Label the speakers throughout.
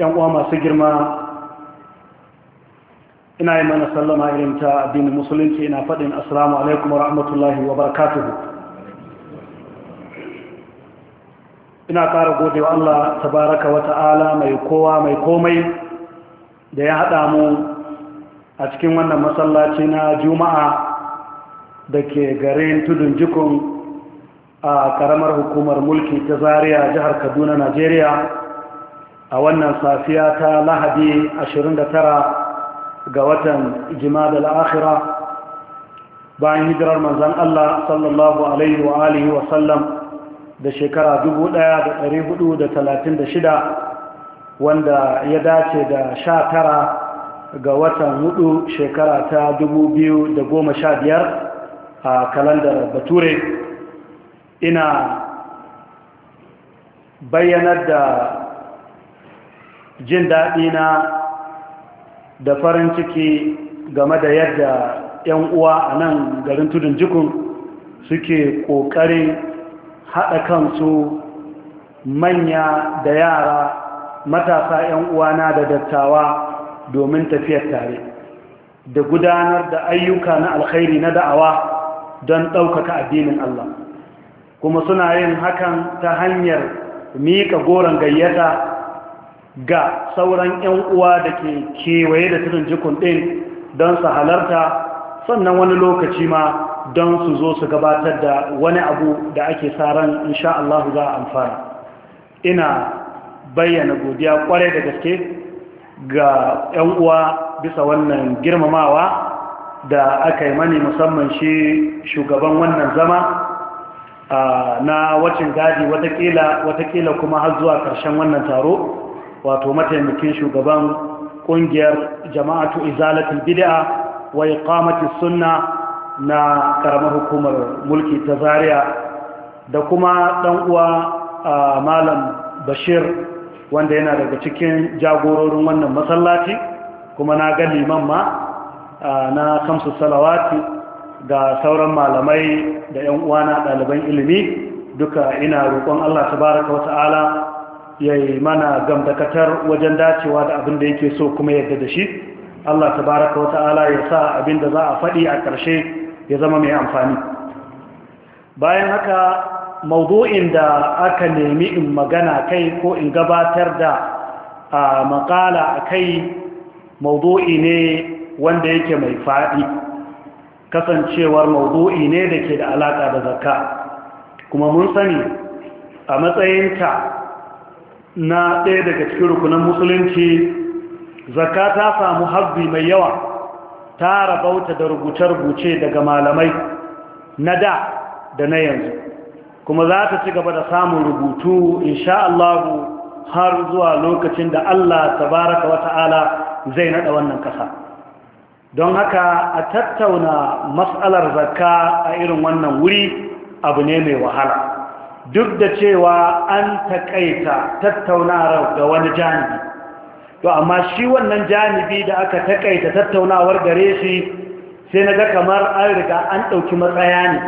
Speaker 1: yan uwa masu girma ina yi mana sallama irin ta addini musulunci ina faɗin assalamu alaikum rahmatullahi wa barakatuhu ina ƙara gode wa Allah baraka wa ta'ala mai kowa mai komai da ya haɗa mu a cikin wannan masallaci na juma'a da ke garin tudun jikun a ƙaramar hukumar mulki ta zaria jihar kaduna najeriya a wannan safiya ta lahadi 29 ga watan jimada al'akhira bayan hijirar manzan Allah sallallahu alaihi wa alihi wa da shekara 1436 wanda ya dace da 19 ga watan hudu shekara ta 2015 a kalandar bature ina bayyanar da jin daɗi na da farin ciki game da yadda 'yan uwa a nan garin tudun jikun suke ƙoƙarin haɗa kansu manya da yara matasa 'yan uwana da dattawa domin tafiyar tare da gudanar da ayyuka na alkhairi na da'awa don ɗaukaka addinin Allah kuma suna yin hakan ta hanyar miƙa goron gayyata ga sauran 'yan uwa da ke kewaye da tunan jikun ɗin don su halarta sannan wani lokaci ma don su zo su gabatar da wani abu da ake saran insha Allah za a amfana ina bayyana godiya kwarai da gaske ga 'yan uwa bisa wannan girmamawa da aka yi mani musamman shi shugaban wannan zama na wacin gadi watakila kuma har zuwa ƙarshen wannan taro wato mataimakin shugaban kungiyar jama'atu izalatul bid'a wa iqamatis sunna na karamar hukumar mulki ta zaria da kuma dan uwa malam bashir wanda yana daga cikin jagororin wannan masallaci kuma na ga liman ma na kamsu salawati ga sauran malamai da 'yan uwana ɗaliban ilimi duka ina roƙon allah ta baraka wata'ala ya yi mana gamdakatar wajen dacewa da abin da yake so kuma yadda da shi Allah Ta baraka wa ta'ala ya sa abin da za a faɗi a ƙarshe ya zama mai amfani bayan haka mawdu'in da aka nemi in magana kai ko in gabatar da a makala a kai mawdu'i ne wanda yake mai faɗi kasancewar mawdu'i ne da ke da alaƙa da zakka kuma mun sani a matsayinka na ɗaya daga cikin rukunan musulunci zakka ta samu habbi mai yawa ta rabauta da rubuce-rubuce daga malamai na da da na yanzu kuma za ta ci gaba da samun rubutu insha Allah har zuwa lokacin da Allah tabaraka wata'ala zai naɗa wannan ƙasa don haka a tattauna matsalar zakka a irin wannan wuri abu ne mai wahala duk da cewa an taƙaita tattaunawar ga wani janibi to amma shi wannan janibi da aka taƙaita tattaunawar gare shi sai na ga kamar an riga an ɗauki matsaya ne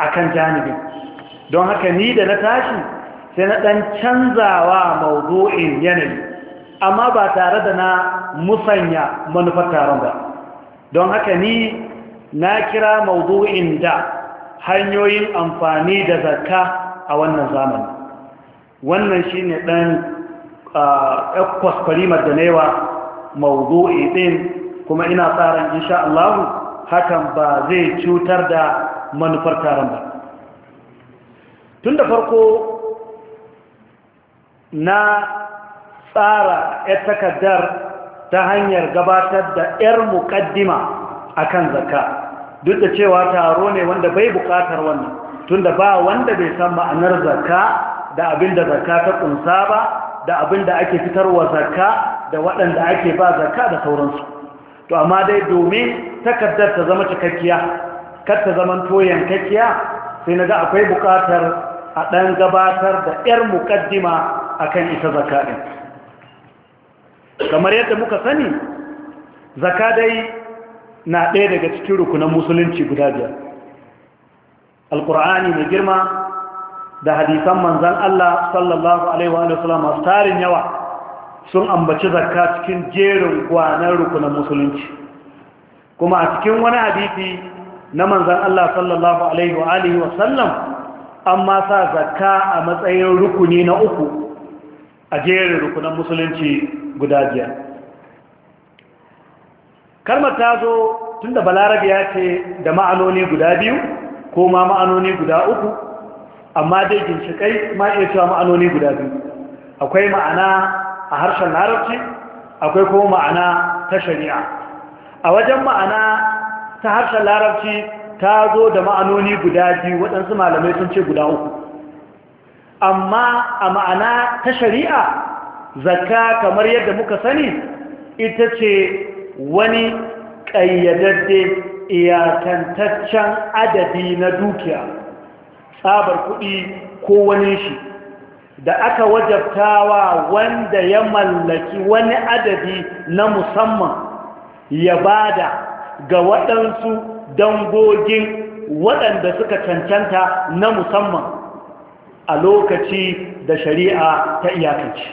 Speaker 1: a kan janibin don haka ni da na tashi sai na ɗan canzawa mawuzo'in yanayi amma ba tare da na musanya manufar taron ba don haka ni na kira mawuzo'in da hanyoyin amfani da zakka a wannan zamani wannan shi ne ɗan kwaskwarimar da newa mawuzo'i ɗin kuma ina tsara insha Allah hakan ba zai cutar da manufar taron ba tun da farko na tsara ya takardar ta hanyar gabatar da 'yar muƙaddima akan zakka duk da cewa taro ne wanda bai buƙatar wannan tunda ba wanda bai san ma'anar zakka da abinda zakka ta kunsa ba da abinda ake fitarwa zakka da waɗanda ake ba zakka da sauransu to amma dai domin takardar ta zama cikakkiya kar ta zama toyan kakkiya sai na ga akwai buƙatar a ɗan gabatar da 'yar muƙaddima akan ita zakka ɗin kamar yadda muka sani zakka dai na ɗaya daga cikin rukunan musulunci guda biyar alkur'ani mai girma da hadisan manzan Allah sallallahu alaihi wa sallam masu tarin yawa sun ambaci zakka cikin jerin gwanar rukunan musulunci kuma a cikin wani hadisi na manzan Allah sallallahu alaihi wa sallam an sa zakka a matsayin rukuni na uku a jerin rukunan musulunci guda biyar kalmar ta zo tun da balarabe ya ce da ma'anoni guda biyu ko ma ma'anoni guda uku amma dai ginshikai ma iya cewa ma'anoni guda biyu akwai ma'ana a harshen larabci akwai kuma ma'ana ta shari'a a wajen ma'ana ta harshen larabci ta zo da ma'anoni guda biyu waɗansu malamai sun ce guda uku amma a ma'ana ta shari'a zakka kamar yadda muka sani ita ce wani ƙayyadadde iyakantaccen adadi na dukiya tsabar kuɗi ko wani shi da aka wajabtawa wanda ya mallaki wani adadi na musamman ya bada ga waɗansu dangogin waɗanda suka cancanta na musamman a lokaci da shari'a ta iyakanci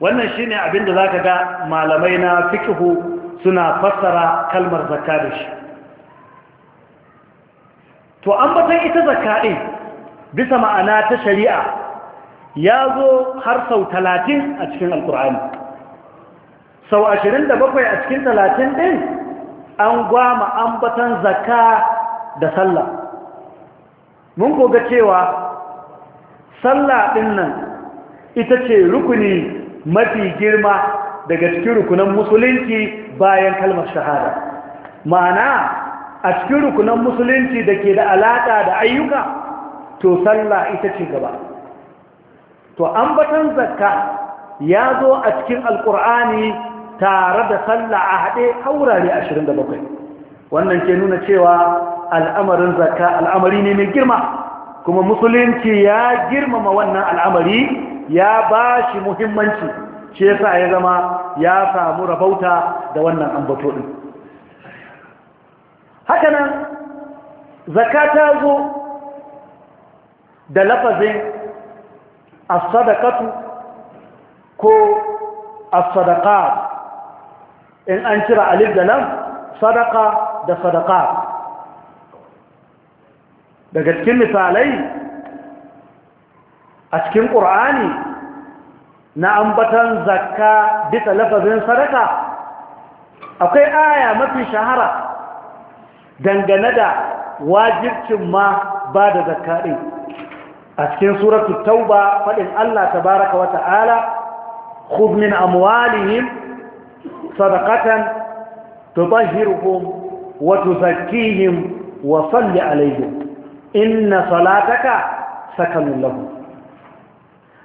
Speaker 1: wannan shine abinda ka ga malamai na fikihu suna fassara kalmar zakka da shi to an batan ita zakka ɗin bisa ma'ana ta shari'a ya zo har sau talatin a cikin alkur'ani sau ashirin da bakwai a cikin talatin ɗin an gwama an batan zakka da sallah mun koga cewa sallah ɗin nan ita ce rukuni mafi girma daga cikin rukunan musulunci bayan kalmar shahada ma'ana a cikin rukunan musulunci da ke da alaƙa da ayyuka to sallah ita ce gaba to ambatan zakka ya zo a cikin alƙur'ani tare da sallah a haɗe haurare 27 wannan ke nuna cewa al'amarin zakka al'amari ne mai girma kuma musulunci ya girmama wannan al'amari ya ba shi muhimmanci shi yasa ya zama ya samu rabauta da wannan ambato ɗin? haka nan ta zo da lafazin as ko as in an cira alif da lam da sadaqat daga cikin misalai a cikin ƙur'ani na ambatan zakka bisa lafazin sadaka akwai aya mafi shahara dangane da wajibcin ma ba da zakka ɗin a cikin suratul tauba faɗin Allah tabaraka wa ta'ala khudh min amwalihim sadaqatan tutahhiruhum wa tuzakkihim wa salli alaihim inna salataka sakanun lahum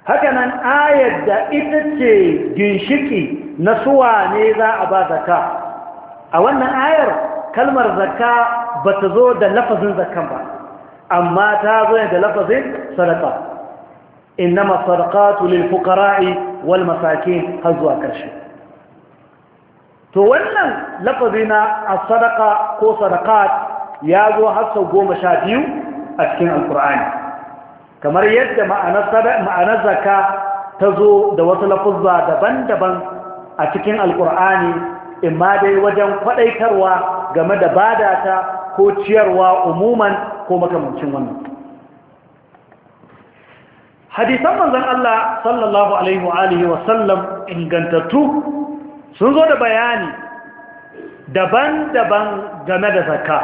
Speaker 1: hakanan ayar da ita ce ginshiki na suwa ne za a ba zaka a wannan ayar kalmar zaka ba ta zo da lafazin zakan ba amma ta zo da lafazin sadaka innama sadaqatu lil fuqara'i wal masakin har zuwa karshe to wannan lafazi na as-sadaqa ko sadaqat ya zo har sau 12 a cikin alqur'ani kamar yadda ma'anar zaka ta zo da wasu lafuzza daban-daban a cikin alkur'ani imma dai wajen kwadaitarwa game da badata ko ciyarwa umuman ko makamancin wannan hadisan manzon Allah sallallahu alaihi wa alihi wa sallam ingantattu sun zo da bayani daban-daban game da zakka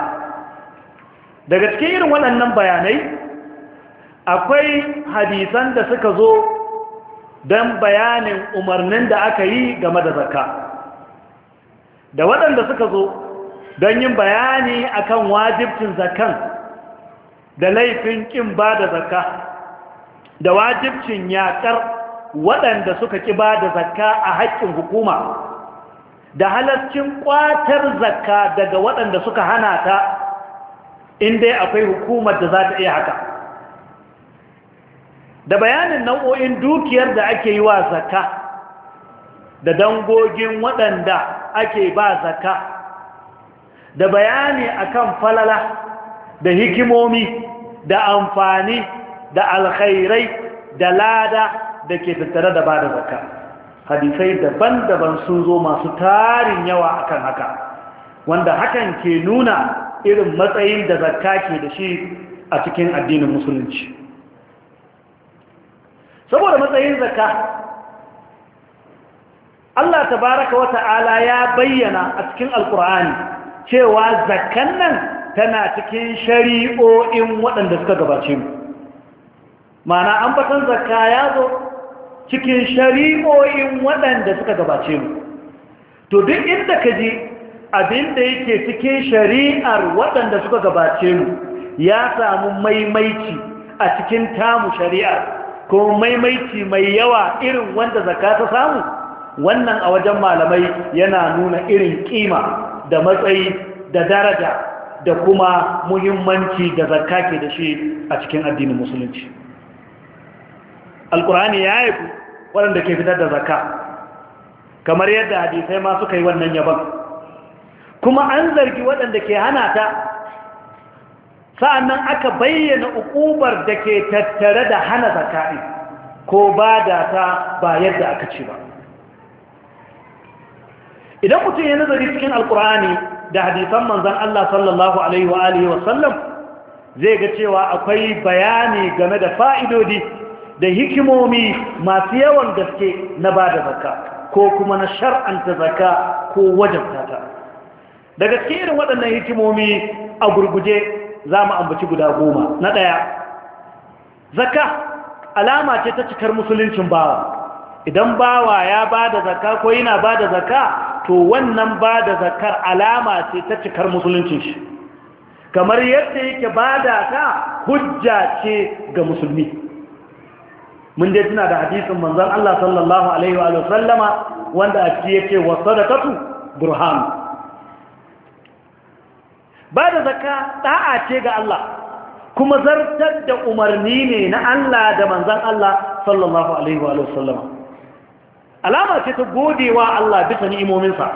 Speaker 1: daga cikin irin waɗannan bayanai akwai hadisan da suka zo don bayanin umarnin da aka yi game da zakka da waɗanda suka zo don yin bayani akan wajibcin zakkan da laifin ƙin ba da zakka da wajibcin yaƙar waɗanda suka ƙi ba da zakka a haƙƙin hukuma da halarcin ƙwatar zakka daga waɗanda suka hana ta in dai akwai hukumar da za ta iya haka da bayanin nau'o'in dukiyar da ake yi wa zakka da dangogin waɗanda ake ba zakka da bayani akan falala da hikimomi da amfani da alkhairai da lada da ke tattare da ba da zakka hadisai daban-daban sun zo masu tarin yawa akan haka wanda hakan ke nuna irin matsayin da zakka ke da shi a cikin addinin musulunci saboda matsayin zakka Allah tabaraka wata'ala ya bayyana a cikin alkur'ani cewa zakkan nan tana cikin shari'o'in waɗanda suka gabace mu Ma'ana an batan zakka ya zo cikin shari'o'in waɗanda suka gabace mu to duk inda ka ji abinda yake cikin shari'ar waɗanda suka gabace mu ya samu maimaici a cikin tamu shari'ar ko maimaici mai yawa irin wanda Zaka ta samu wannan a wajen malamai yana nuna irin kima da matsayi da daraja da kuma muhimmanci da zakka ke da shi a cikin addinin musulunci alkur'ani ya yi waɗanda ke fitar da zakka kamar yadda hadisai ma suka yi wannan yaban kuma an zargi waɗanda ke hana ta sa'annan aka bayyana ukubar da ke tattare da hana zaka'i ko ba da ta ba yadda aka ce ba idan mutum ya nazari cikin alkur'ani da hadisan manzan Allah sallallahu alaihi wasallam zai ga cewa akwai bayani game da fa'idodi da hikimomi masu yawan gaske na ba da zaka ko kuma na shar'anta zaka ko wajen ta daga cikin irin waɗannan hikimomi a gurguje za mu ambaci guda goma na ɗaya zaka alama ce ta cikar musuluncin bawa idan bawa ya ba da zaka ko yana ba da zaka to wannan ba da zakar alama ce ta cikar musuluncin shi kamar yadda yake ba da ta hujja ce ga musulmi mun dai tuna da hadisin manzon Allah sallallahu alaihi wa sallama wanda a ciki da tatu, burhan ba da zaka ɗa'a ce ga Allah kuma zartar da umarni ne na Allah da manzan Allah sallallahu Alaihi wa sallama alama ce ta godewa Allah bisa ni'imominsa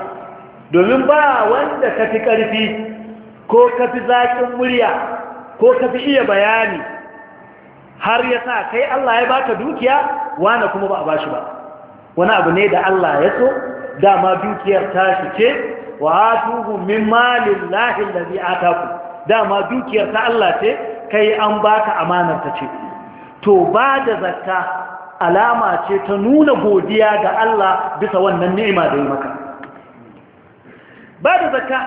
Speaker 1: domin ba wanda ka fi ƙarfi ko ka fi zaƙin murya ko ka fi iya bayani har ya sa kai Allah ya baka dukiya wane kuma ba a ba shi ba wani abu ne da Allah ya so dama dukiyar tashi ce wa tubu min malin lahin da ataku dama dukiyar ta Allah ce kai an baka amanarta ce to ba da zakka alama ce ta nuna godiya ga Allah bisa wannan ni'ima da yi maka ba da zakka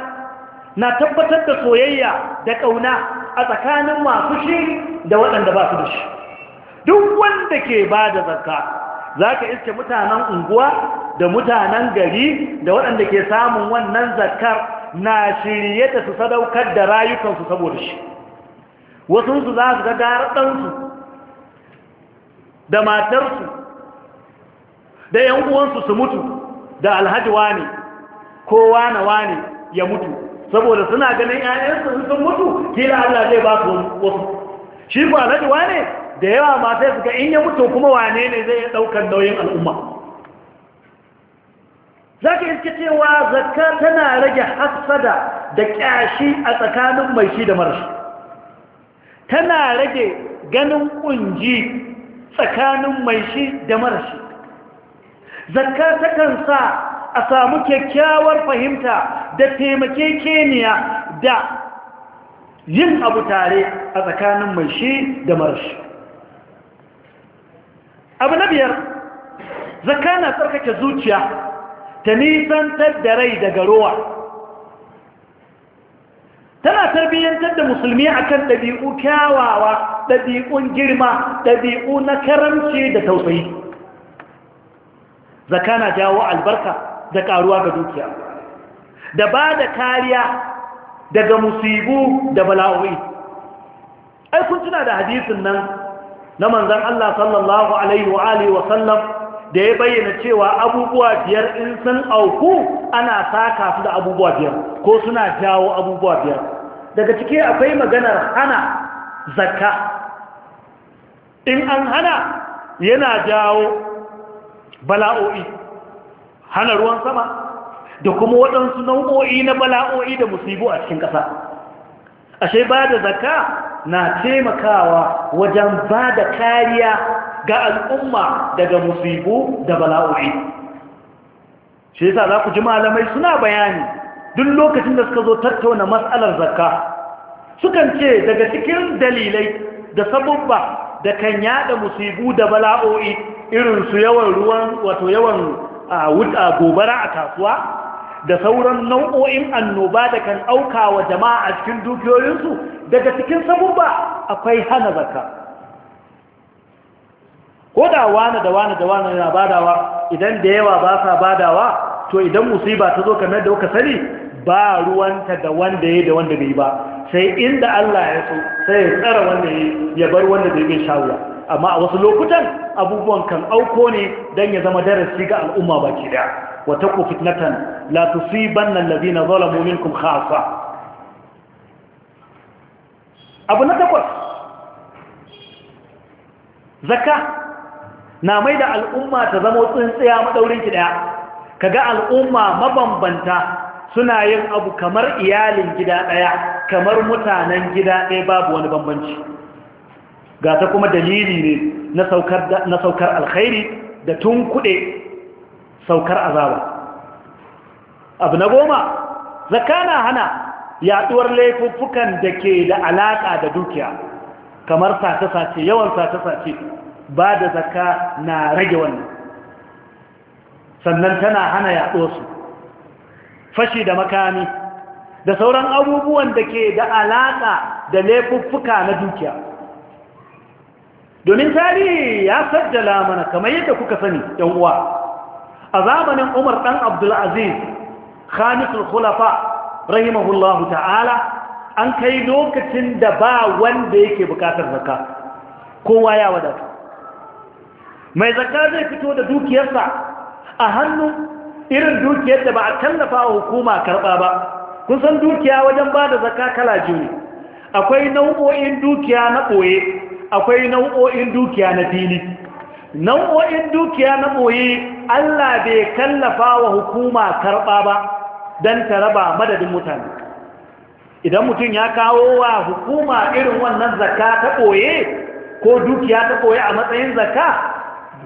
Speaker 1: na tabbatar da soyayya da ƙauna a tsakanin masu shi da waɗanda ba su da shi duk wanda ke ba da zakka za ka iske mutanen unguwa da mutanen gari da waɗanda ke samun wannan zakar na shirye da su sadaukar da rayukansu saboda shi wasunsu za su ga ɗansu da matarsu da ‘yan uwansu su mutu da alhaji wane ko wane wane ya mutu saboda suna ganin ‘ya'yansu sun mutu kila Allah zai ba su wasu shi ku alhaji wane da yawa ba sai suka in ya mutu kuma wane ne zai ɗaukar nauyin al'umma za ka iske cewa zakka tana rage hasada da ƙyashi a tsakanin mai shi da marashi tana rage ganin ƙunji tsakanin mai shi da marashi zakka takan sa a samu kyakkyawar fahimta da taimake keniya da yin abu tare a tsakanin mai shi da marashi abu na biyar Zaka na tsarkake zuciya ta nisantar da rai daga ruwa. tana tarbiyyantar da musulmi akan ɗabi'u kyawawa ɗabi'un girma ɗabi'u na karamci da tausayi Zaka na jawo albarka da ƙaruwa ga dukiya da ba da kariya daga musibu da bala'o'i ai kun da hadisin nan na manzan Allah sallallahu alaihi wa alihi wa sallam da ya bayyana cewa abubuwa biyar in sun auku ana saka su da abubuwa biyar ko suna jawo abubuwa biyar daga ciki akwai maganar hana zakka in an hana yana jawo bala'o'i hana ruwan sama da kuma waɗansu nau'o'i na bala'o'i da musibu a cikin ƙasa ashe ba da zakka na taimakawa wajen ba da kariya ga al'umma daga musibu da bala'o'i shi yasa za ku ji malamai suna bayani duk lokacin da suka zo tattauna matsalar zakka sukan ce daga cikin dalilai da sabubba da kan yaɗa musibu da bala'o'i irin su yawan ruwan wato yawan gobara a kasuwa da sauran nau'o'in annoba da kan ɗauka wa jama'a a cikin dukiyoyinsu daga cikin sabubba akwai hana zakka ko da wane da wane da wane yana badawa idan da yawa ba sa badawa to idan musiba ta zo kamar da kuka sani ba ruwanta da wanda ya da wanda bai ba sai inda Allah ya so sai ya tsara wanda ya bar wanda bai bai shawula amma a wasu lokutan abubuwan kan auko ne dan ya zama darasi ga al'umma baki daya وتقوا فتنة لا تصيبن الذين ظلموا منكم خاصة أبو نتقل زكاة نامي دا الأمة تزمو تنسيها مدولين كده كجاء الأمة مبنبنتا suna yin abu kamar iyalin gida ɗaya kamar mutanen gida ɗaya babu wani bambanci ga ta kuma dalili ne na saukar alkhairi da tun kuɗe saukar azaba abu na goma na hana yaduwar laifuffukan da ke da alaka da dukiya kamar sace-sace yawan sace-sace ba da zaka na rage wannan sannan tana hana yaɗo su fashi da makami da sauran abubuwan da ke da alaƙa da laifuffuka na dukiya domin tarihi ya sajjala mana kamar yadda kuka sani uwa a zamanin umar ɗan abdulaziz khamisul khulafa rahimahullahu ta'ala an kai lokacin da ba wanda yake buƙatar zaka kowa ya wadata mai zaka zai fito da dukiyarsa a hannu irin dukiyar da ba a tallafa wa hukuma karɓa ba kun san dukiya wajen ba da zaka kala jini, akwai nau'o'in dukiya na ɓoye akwai nau'o'in dukiya na fili Nan nau'o'in dukiya na boye Allah bai kallafa wa hukuma karɓa ba don ta raba madadin mutane idan mutum ya kawo wa hukuma irin wannan zaka ta boye ko dukiya ta boye a matsayin zaka,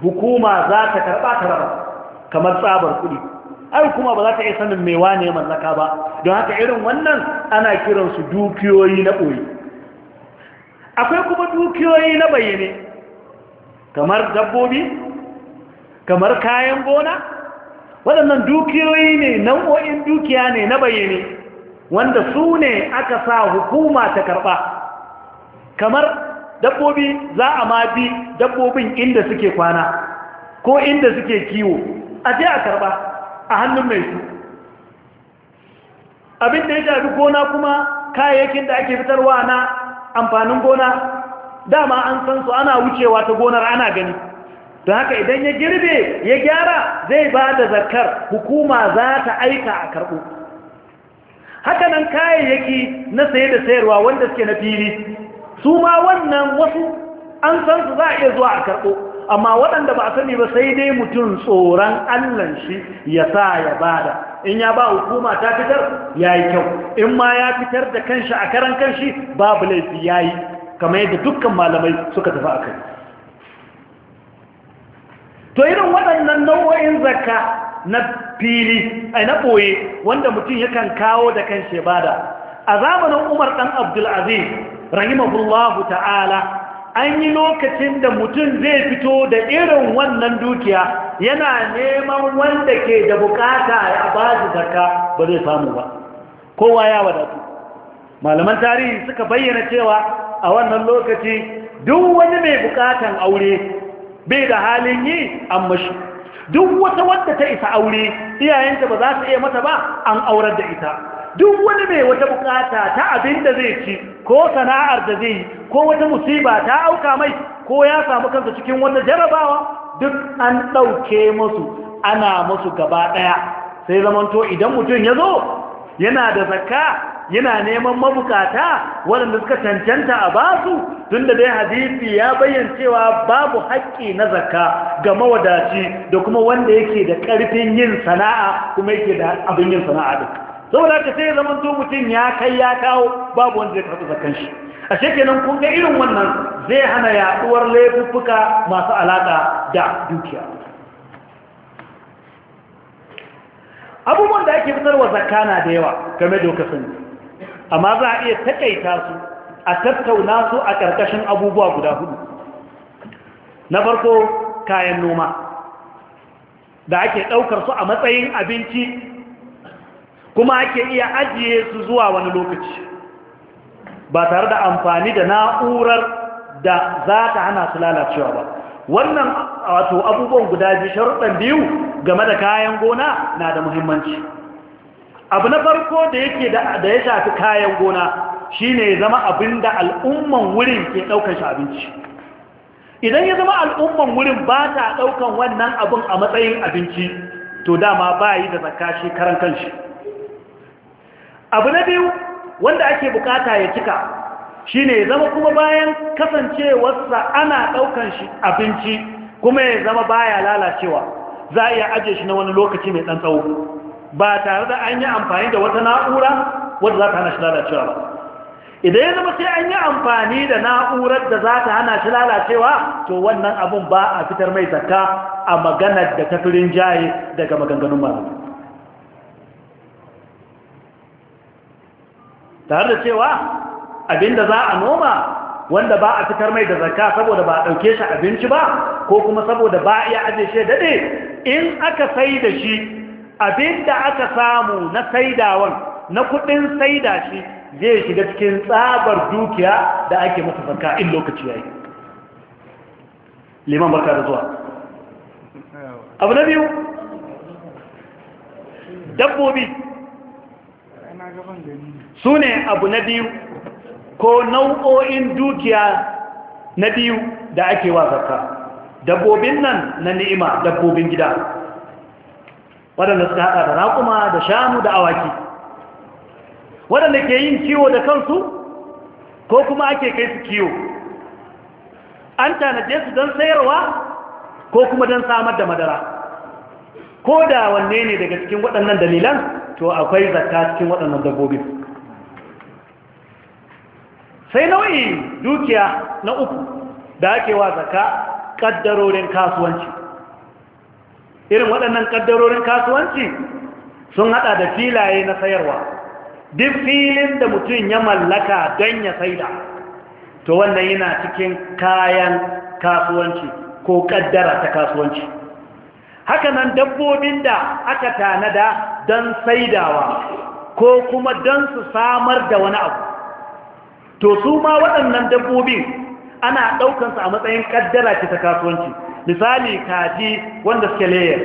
Speaker 1: hukuma za ta karɓa ta raba kamar tsabar kuɗi ai kuma ba za ta iya sanin mai wane mallaka ba don haka irin wannan ana kiransu dukiyoyi na boye akwai kuma dukiyoyi na bayyane kamar dabbobi kamar kayan gona waɗannan dukiyoyi ne nau'o'in dukiya ne na bayyane wanda su ne aka sa hukuma ta karɓa kamar dabbobi za a ma bi dabbobin inda suke kwana ko inda suke kiwo a je a karɓa a hannun mai su abinda da ya shafi gona kuma kayayyakin da ake fitarwa na amfanin gona dama an san su ana wucewa ta gonar ana gani don haka idan ya girbe ya gyara zai ba da zakar hukuma za ta aika a karɓo hakanan kayayyaki na saye da sayarwa wanda suke na fili su ma wannan wasu an san su za a iya zuwa a karɓo amma waɗanda ba a sani ba sai dai mutum tsoron allan shi ya sa ya bada in ya ba hukuma ta fitar ya yi kyau in ma ya fitar da kanshi a karan kanshi babu laifi ya yi kamar yadda dukkan malamai suka tafi a kai to irin waɗannan nau'o'in zakka na fili ai na ɓoye wanda mutum yakan kawo da kan shebada a zamanin umar ɗan abdulaziz rahimahullahu ta'ala an yi lokacin da mutum zai fito da irin wannan dukiya yana neman wanda ke da bukata a baji zakka ba zai samu ba kowa ya wadatu malaman tarihi suka bayyana cewa a wannan lokaci duk wani mai bukatan aure bai da halin yi an mashi duk wata wadda ta isa aure iyayenta ba za su iya mata ba an aurar da ita duk wani mai wata bukata ta abin da zai ci ko sana'ar da zai yi ko wata musiba ta auka mai ko ya samu kansa cikin wata jarabawa duk an ɗauke musu ana musu gaba ɗaya sai zamanto idan mutum ya zo yana da zakka yana neman mabukata waɗanda suka cancanta a basu tun da dai hadisi ya bayyana cewa babu haƙƙi na zakka ga mawadaci da kuma wanda yake da ƙarfin yin sana'a kuma yake da abin yin sana'a duk saboda ka sai zaman to mutum ya kai ya kawo babu wanda zai karɓi zakkan shi a shekenan kun ga irin wannan zai hana yaɗuwar laifuffuka masu alaƙa da dukiya abubuwan da ake fitarwa zakka na da yawa game da sani amma za a iya takaita su a tattauna su a ƙarƙashin abubuwa guda hudu na farko kayan noma da ake ɗaukar su a matsayin abinci kuma ake iya ajiye su zuwa wani lokaci ba tare da amfani da na'urar da za ta hana su lalacewa ba wannan wato abubuwan guda biyu sharuɗan biyu game da kayan gona na da muhimmanci abu na farko da yake da ya shafi kayan gona shine ya zama abin da al'umman wurin ke ɗaukan shi abinci idan ya zama al'umman wurin ba ta ɗaukan wannan abin a matsayin abinci to dama ba yi da zakka shi karan kanshi abu na biyu wanda ake bukata ya cika shine ya zama kuma bayan kasancewarsa ana ɗaukan shi abinci kuma ya zama baya lalacewa za a iya ajiye shi na wani lokaci mai ɗan tsawo ba tare da an yi amfani da wata na'ura wadda za ta hana shi lalacewa ba idan ya zama sai an yi amfani da na'urar da za ta hana shi lalacewa to wannan abun ba a fitar mai zakka a maganar da tafirin jaye daga maganganun malamai tare da cewa abinda za a noma wanda ba a fitar mai da zakka saboda ba a ɗauke shi abinci ba ko kuma saboda ba a iya ajiye shi dade, in aka sai da shi abinda aka samu na saidawan na kudin saida shi zai shiga cikin tsabar dukiya da ake masa farka in lokaci yayi liman barka da zuwa abu na biyu dabbobi su ne abu na biyu ko nau'o'in dukiya na biyu da ake wa zarka dabbobin nan na ni'ima dabbobin gida waɗanda suka haɗa da raƙuma da shanu da awaki waɗanda ke yin kiwo da kansu ko kuma ake kai su kiwo an tanaje su don sayarwa ko kuma don samar da madara ko da wanne ne daga cikin waɗannan dalilan to akwai zakka cikin waɗannan dabbobin sai nau'i dukiya na uku da ake wa zakka ƙaddarorin kasuwanci irin waɗannan ƙaddarorin kasuwanci sun haɗa da filaye na sayarwa duk filin da mutum ya mallaka don ya saida to wannan yana cikin kayan kasuwanci ko ƙaddara ta kasuwanci hakanan dabbobin da aka tanada don saidawa ko kuma don su samar da wani abu to su ma waɗannan dabbobin ana ɗaukansu a matsayin ƙaddara ta kasuwanci misali kaji wanda suke leya.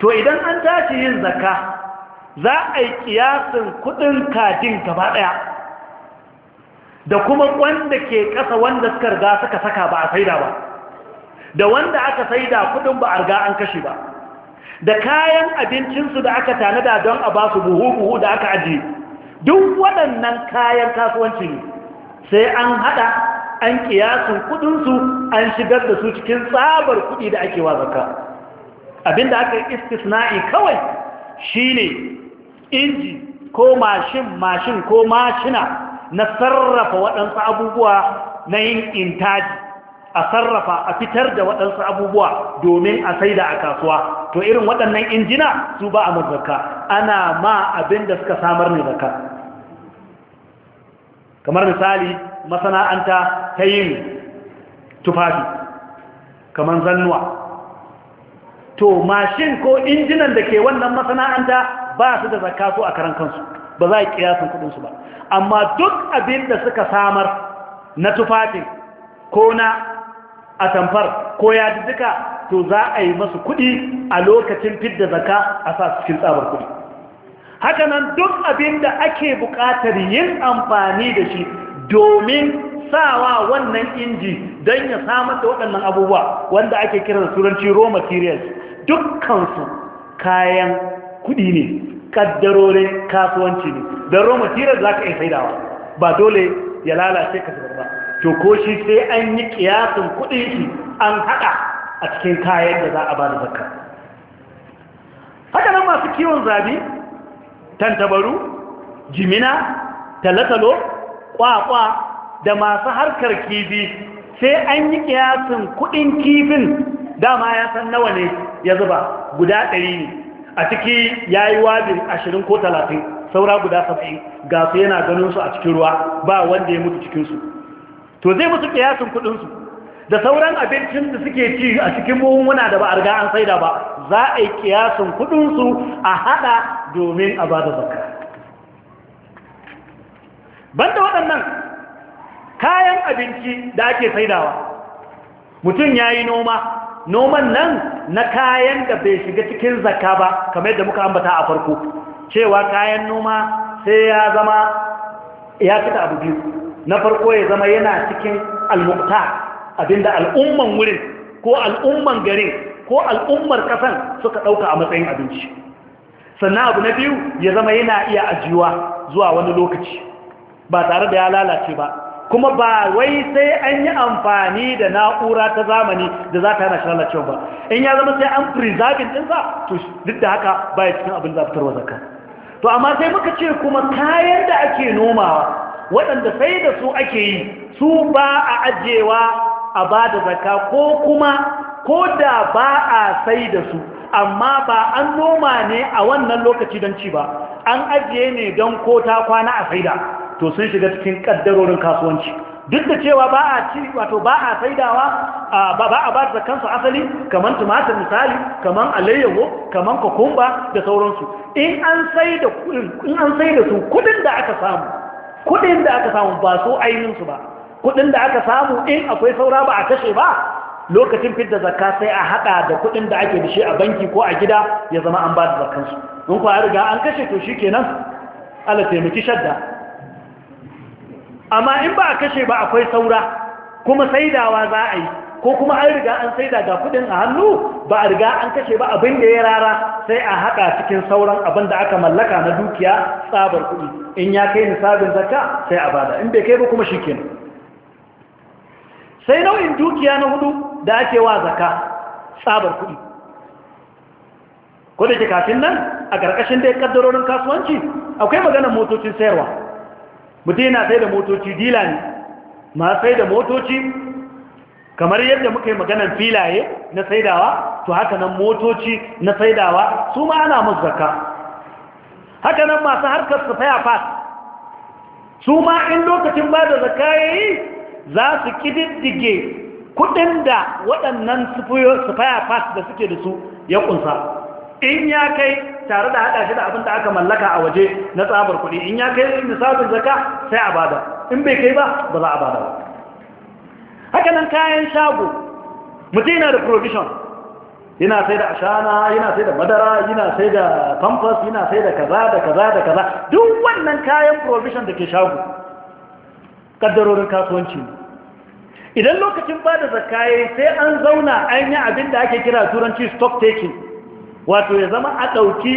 Speaker 1: to idan an tashi yin zakka za a yi kiyasin kudin kajin gaba daya da kuma wanda ke kasa wanda suka riga suka saka ba a saida ba da wanda aka saida kudin ba a riga an kashe ba da kayan abincinsu da aka tanada don a ba su buhu-buhu da aka ajiye duk waɗannan kayan kasuwanci sai an haɗa an kiyasin kudinsu an shigar da su cikin tsabar kudi da ake wazaka abinda aka istisna'i kawai shine inji ko mashin mashin ko mashina na sarrafa waɗansu abubuwa na yin intaji a sarrafa a fitar da waɗansu abubuwa domin a saida a kasuwa to irin waɗannan injina su ba a mazaka ana ma abinda suka samar ne zaka kamar misali masana'anta ta yin tufafi kamar zannuwa to mashin ko injinan da ke wannan masana'anta ba su da zakato a karan kansu ba za a kiyasin kudinsu ba amma duk abin da suka samar na tufafi ko na atamfar ko ya duka to za a yi masu kudi a lokacin fidda zaka a sa cikin tsabar kudi hakanan duk abin da ake buƙatar yin amfani da shi domin sawa wannan inji don ya samar da waɗannan abubuwa wanda ake kiran turanci raw materials dukkansu kayan kuɗi ne kaddarorin kasuwanci ne don raw materials za ka iya saidawa ba dole ya lalace ka zubar to ko shi sai an yi kiyasin kuɗi shi an haɗa a cikin kayan da za a ba da zaka haka nan masu kiwon zabi tantabaru jimina talatalo kwakwa da masu harkar kifi sai an yi kiyasin kudin kifin dama ya san nawa ne ya zuba guda ɗari ne a ciki ya yi wabin ashirin ko talatin saura guda saba'in ga su yana ganin su a cikin ruwa ba wanda ya mutu cikinsu to zai musu kiyasin kudinsu da sauran abincin da suke ci a cikin mummuna da ba a riga an saida ba za a yi kiyasin kudinsu a hada domin a ba da zakka banda waɗannan kayan abinci da ake saidawa mutum ya yi noma noman nan na kayan da bai shiga cikin zaka ba kamar yadda muka ambata a farko cewa kayan noma sai ya zama ya fita abu biyu na farko ya zama yana cikin almukta abinda al'umman wurin ko al'umman garin ko al'ummar kasan suka ɗauka a matsayin abinci sannan abu na biyu ya zama yana iya ajiyuwa zuwa wani lokaci ba tare da ya lalace ba kuma ba wai sai an yi amfani da na'ura ta zamani da za ta yana shi lalacewa ba in ya zama sai an preserving ɗinsa to duk da haka ba ya cikin abin zafitarwa zaka to amma sai muka ce kuma kayan da ake nomawa waɗanda sai da su ake yi su ba a ajewa a ba da zaka ko kuma ko da ba a sai da su amma ba an noma ne a wannan lokaci don ci ba an ajiye ne don ko ta kwana a faida. to sun shiga cikin kaddarorin kasuwanci duk da cewa ba a ci wato ba a saidawa ba a ba da kansu asali kaman tumatir misali kaman alayyaho kaman kokumba da sauransu in an saida su kudin da aka samu kudin da aka samu ba so ainin ba kudin da aka samu in akwai saura ba a kashe ba lokacin fidda zakka sai a hada da kudin da ake dashe a banki ko a gida ya zama an ba da zakkansu in ku riga an kashe to shi kenan Allah taimaki shadda amma in ba a kashe ba akwai saura kuma saidawa za a yi ko kuma an riga an saida ga kudin a hannu ba a riga an kashe ba abin da ya rara sai a haɗa cikin sauran abin da aka mallaka na dukiya tsabar kuɗi in ya kai nisabin zakka sai a bada in bai kai ba kuma shi kenan sai nau'in dukiya na hudu da ake wa zakka tsabar kuɗi ko da ke kafin nan a ƙarƙashin dai ƙaddarorin kasuwanci akwai maganar motocin sayarwa mutum yana sai da motoci dila ne saida sai da motoci kamar yadda muka yi maganan filaye na saidawa to haka nan motoci na saidawa su ma ana musu zakka haka nan masu harkar su faya fas su ma in lokacin ba da zakka yayi za su kididdige kudin da waɗannan su faya fas da suke da su ya kunsa in ya kai tare da haɗa shi da abin da aka mallaka a waje na tsabar kuɗi in ya kai misalin zaka sai a bada in bai kai ba ba za a bada ba haka nan kayan shago mutum yana da provision yana sai da ashana yana sai da madara yana sai da pampas yana sai da kaza da kaza da kaza duk wannan kayan provision da ke shago Ƙaddarorin kasuwanci idan lokacin bada da sai an zauna an yi abin da ake kira turanci stock taking wato ya zama a ɗauki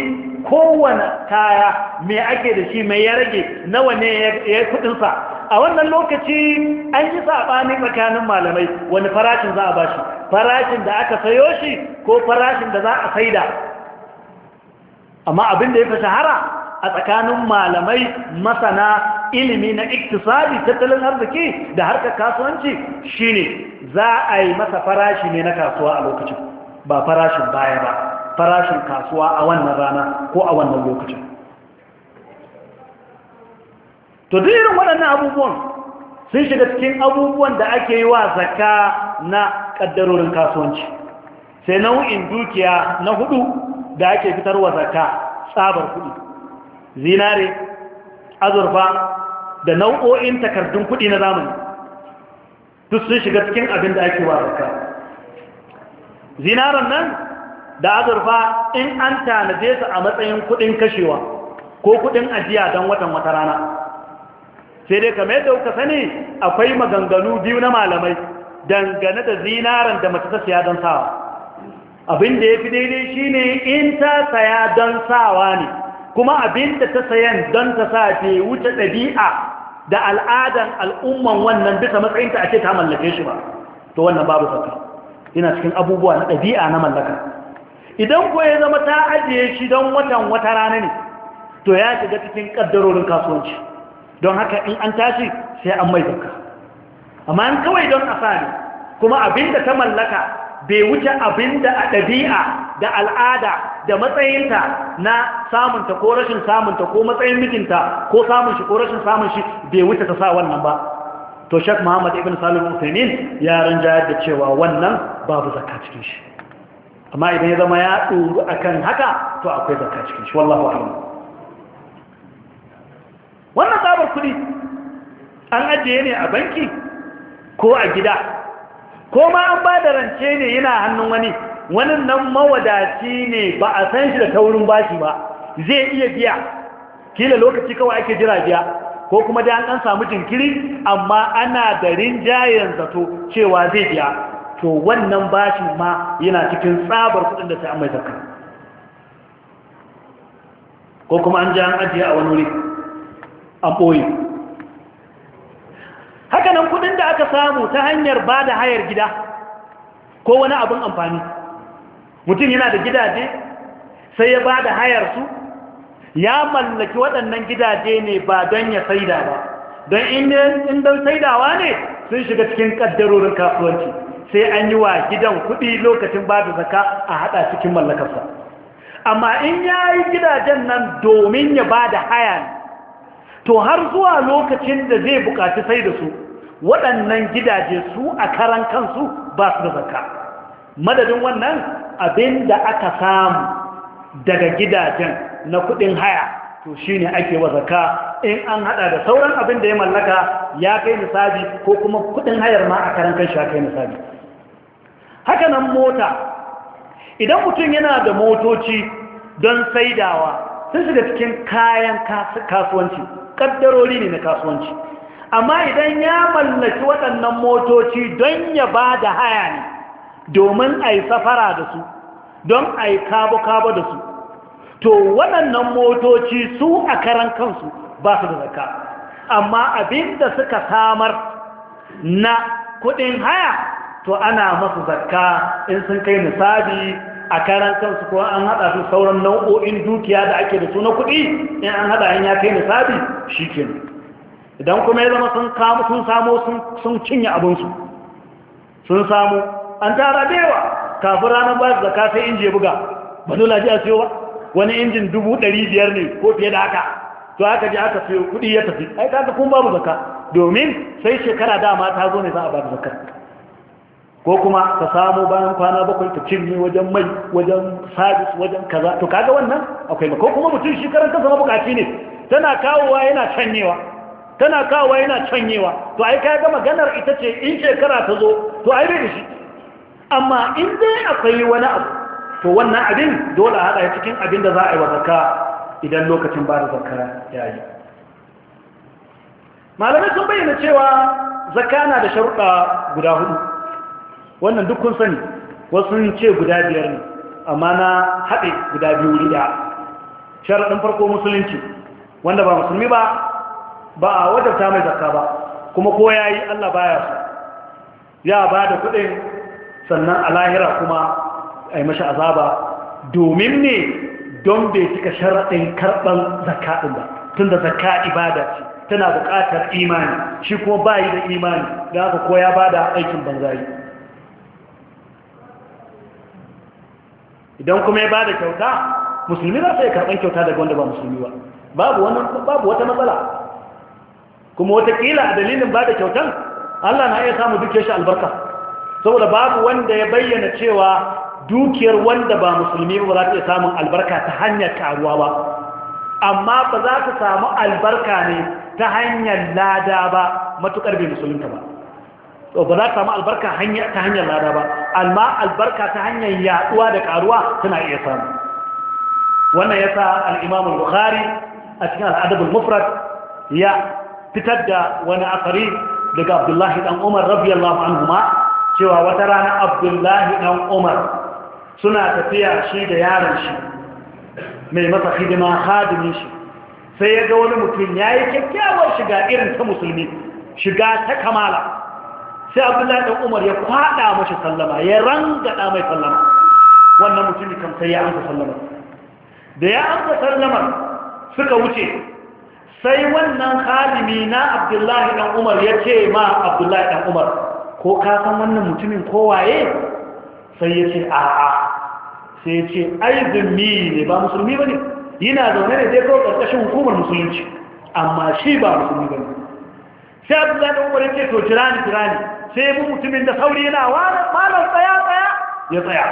Speaker 1: kowane kaya me ake da shi mai ya rage nawa ne ya yi kudinsa a wannan lokaci an yi saɓanin tsakanin malamai wani farashin za a ba shi farashin da aka sayo shi ko farashin da za a saida amma abin da ya fi shahara a tsakanin malamai masana ilimi na iktisadi tattalin arziki da harkar kasuwanci shine za a yi masa farashi ne na kasuwa a lokacin ba farashin baya ba farashin kasuwa a wannan rana ko a wannan lokacin to duk irin waɗannan abubuwan sun shiga cikin abubuwan da ake yi wa zaka na ƙaddarorin kasuwanci sai nau'in dukiya na hudu da ake fitar wa zaka tsabar kuɗi zinare azurfa da nau'o'in takardun kuɗi na zamani duk sun shiga cikin abin da ake wa zaka. zinaren nan da azurfa in an tanaje su a matsayin kudin kashewa ko kudin ajiya don watan wata rana sai dai kamar yadda kuka sani akwai maganganu biyu na malamai dangane da zinaran da mace ta saya don sawa abin da ya fi daidai shine in ta saya don sawa ne kuma abin da ta sayan don ta sa ce wuce ɗabi'a da al'adan al'umman wannan bisa matsayinta a ce ta mallake shi ba to wannan babu saka yana cikin abubuwa na ɗabi'a na mallaka idan ko ya zama ta ajiye shi don watan wata rana ne to ya shiga cikin kaddarorin kasuwanci don haka in an tashi sai an mai zakka amma an kawai don asali kuma abinda ta mallaka bai wuce abinda a ɗabi'a da al'ada da matsayinta na samunta ko rashin samunta ko matsayin mijinta ko samun shi ko rashin samun shi bai wuce ta sa wannan ba to shek muhammad ibn salim usaimin ya ranja da cewa wannan babu zakka cikin shi amma idan ya zama ya ɗoru a kan haka to akwai zaka cikin shi wallahu wannan tsabar kuɗi an ajiye ne a banki ko a gida ko ma an ba da rance ne yana hannun wani wani nan mawadaci ne ba a san shi da taurin bashi ba zai iya biya kila lokaci kawai ake jira biya ko kuma dai an samu jinkiri amma ana da rinjayen zato cewa zai biya to wannan bashin ma yana cikin tsabar kudin da ta mai zakka ko kuma an ji an ajiye a wani wuri an ɓoye haka nan kudin da aka samu ta hanyar ba da hayar gida ko wani abin amfani mutum yana da gidaje sai ya ba da hayar su ya mallaki waɗannan gidaje ne ba don ya saida ba don inda saidawa ne sun shiga cikin ƙaddarorin kasuwanci sai an yi wa gidan kuɗi lokacin babu zaka a haɗa cikin mallakarsa amma in ya yi gidajen nan domin ya ba da haya to har zuwa lokacin da zai buƙaci sai da su waɗannan gidaje su a karan kansu ba su da zaka madadin wannan abin da aka samu daga gidajen na kuɗin haya to shi ne ake wa zaka in an haɗa da sauran abin da ya mallaka ya kai misali ko kuma kuɗin hayar ma a karan kan shi ya kai misali haka nan mota idan mutum yana da motoci don saidawa sun shiga cikin kayan kasuwanci ƙaddarori ne na kasuwanci amma idan ya mallaki waɗannan motoci don ya ba da haya ne domin a yi safara da su don a yi kabo-kabo da su to waɗannan motoci su a karan kansu ba su da zaka amma abinda suka samar na kuɗin haya to ana masu zakka in sun kai misali a karan kansu ko an hada su sauran nau'o'in dukiya da ake da su na kuɗi in an hada in ya kai nisabi shi nan idan kuma ya zama sun kamu sun samo sun cinye abinsu sun samu an tara da kafin ranar ba zakka sai inji ya buga ba nuna ji a siyo ba wani injin dubu ɗari biyar ne ko fiye da haka to haka ji aka siyo kuɗi ya tafi ai kaga kun babu zakka domin sai shekara dama ta zo ne za a ba zakka ko kuma ka samu bayan kwana bakwai ka cinye wajen mai wajen sabis wajen kaza to kaga wannan akwai ko kuma mutum shi karanta kansa bukaci ne tana kawowa yana canyewa tana kawowa yana canyewa to ai kaga maganar ita ce in shekara ta zo to ai bai shi amma in dai akwai wani abu to wannan abin dole a haɗa cikin abin da za a yi wa zakka idan lokacin ba da zakka ya yi malamai sun bayyana cewa zakka na da sharuɗa guda hudu wannan duk kun sani wasu ce guda biyar ne amma na haɗe guda biyu wuri sharaɗin farko musulunci wanda ba musulmi ba ba a wajabta mai zakka ba kuma ko ya yi allah baya su ya ba da kuɗin sannan a lahira kuma a yi mashi azaba domin ne don bai cika sharaɗin karɓar zakka ɗin ba tun da zakka ibada ce tana buƙatar imani shi kuma bayi da imani da aka koya ba da aikin banzari idan kuma ya ba da kyauta musulmi za su yi karɓar kyauta daga wanda ba musulmi ba babu babu wata matsala kuma watakila a dalilin ba da kyautan allah na iya samu dukiyar shi albarka saboda babu wanda ya bayyana cewa dukiyar wanda ba musulmi ba za ta iya samun albarka ta hanyar karuwa ba amma ba za ta samu albarka ne ta hanyar lada ba matukar bai musulunta ba to ba za ka samu albarka ta hanyar lada ba amma albarka ta hanyar yaduwa da karuwa tana iya samu wannan yasa sa imam bukhari a cikin al-Adab mufrad ya fitar da wani asari daga Abdullahi dan Umar radiyallahu anhuma cewa wata rana Abdullahi Ɗan Umar suna tafiya shi da yaron shi mai masa hidima hadimin shi sai ya ga wani mutum ya yi kyakkyawar shiga irin ta musulmi shiga ta kamala sai abdullahi Ɗan umar ya kwaɗa mashi sallama ya rangada mai sallama wannan mutumin kan sai ya amsa sallama da ya amsa sallama suka wuce sai wannan halimi na abdullahi Ɗan umar ya ce ma abdullahi Ɗan umar ko ka san wannan mutumin ko waye sai ya ce a'a sai ya ce aizumi ne ba musulmi ba ne? yana zaune ne zai kawai ƙarƙashin hukumar musulunci amma shi ba musulmi ba ne. sai abdullahi zaɗa umar ya ce to jirani jirani. sai bu mutumin da sauri yana malar tsaya tsaya ya tsaya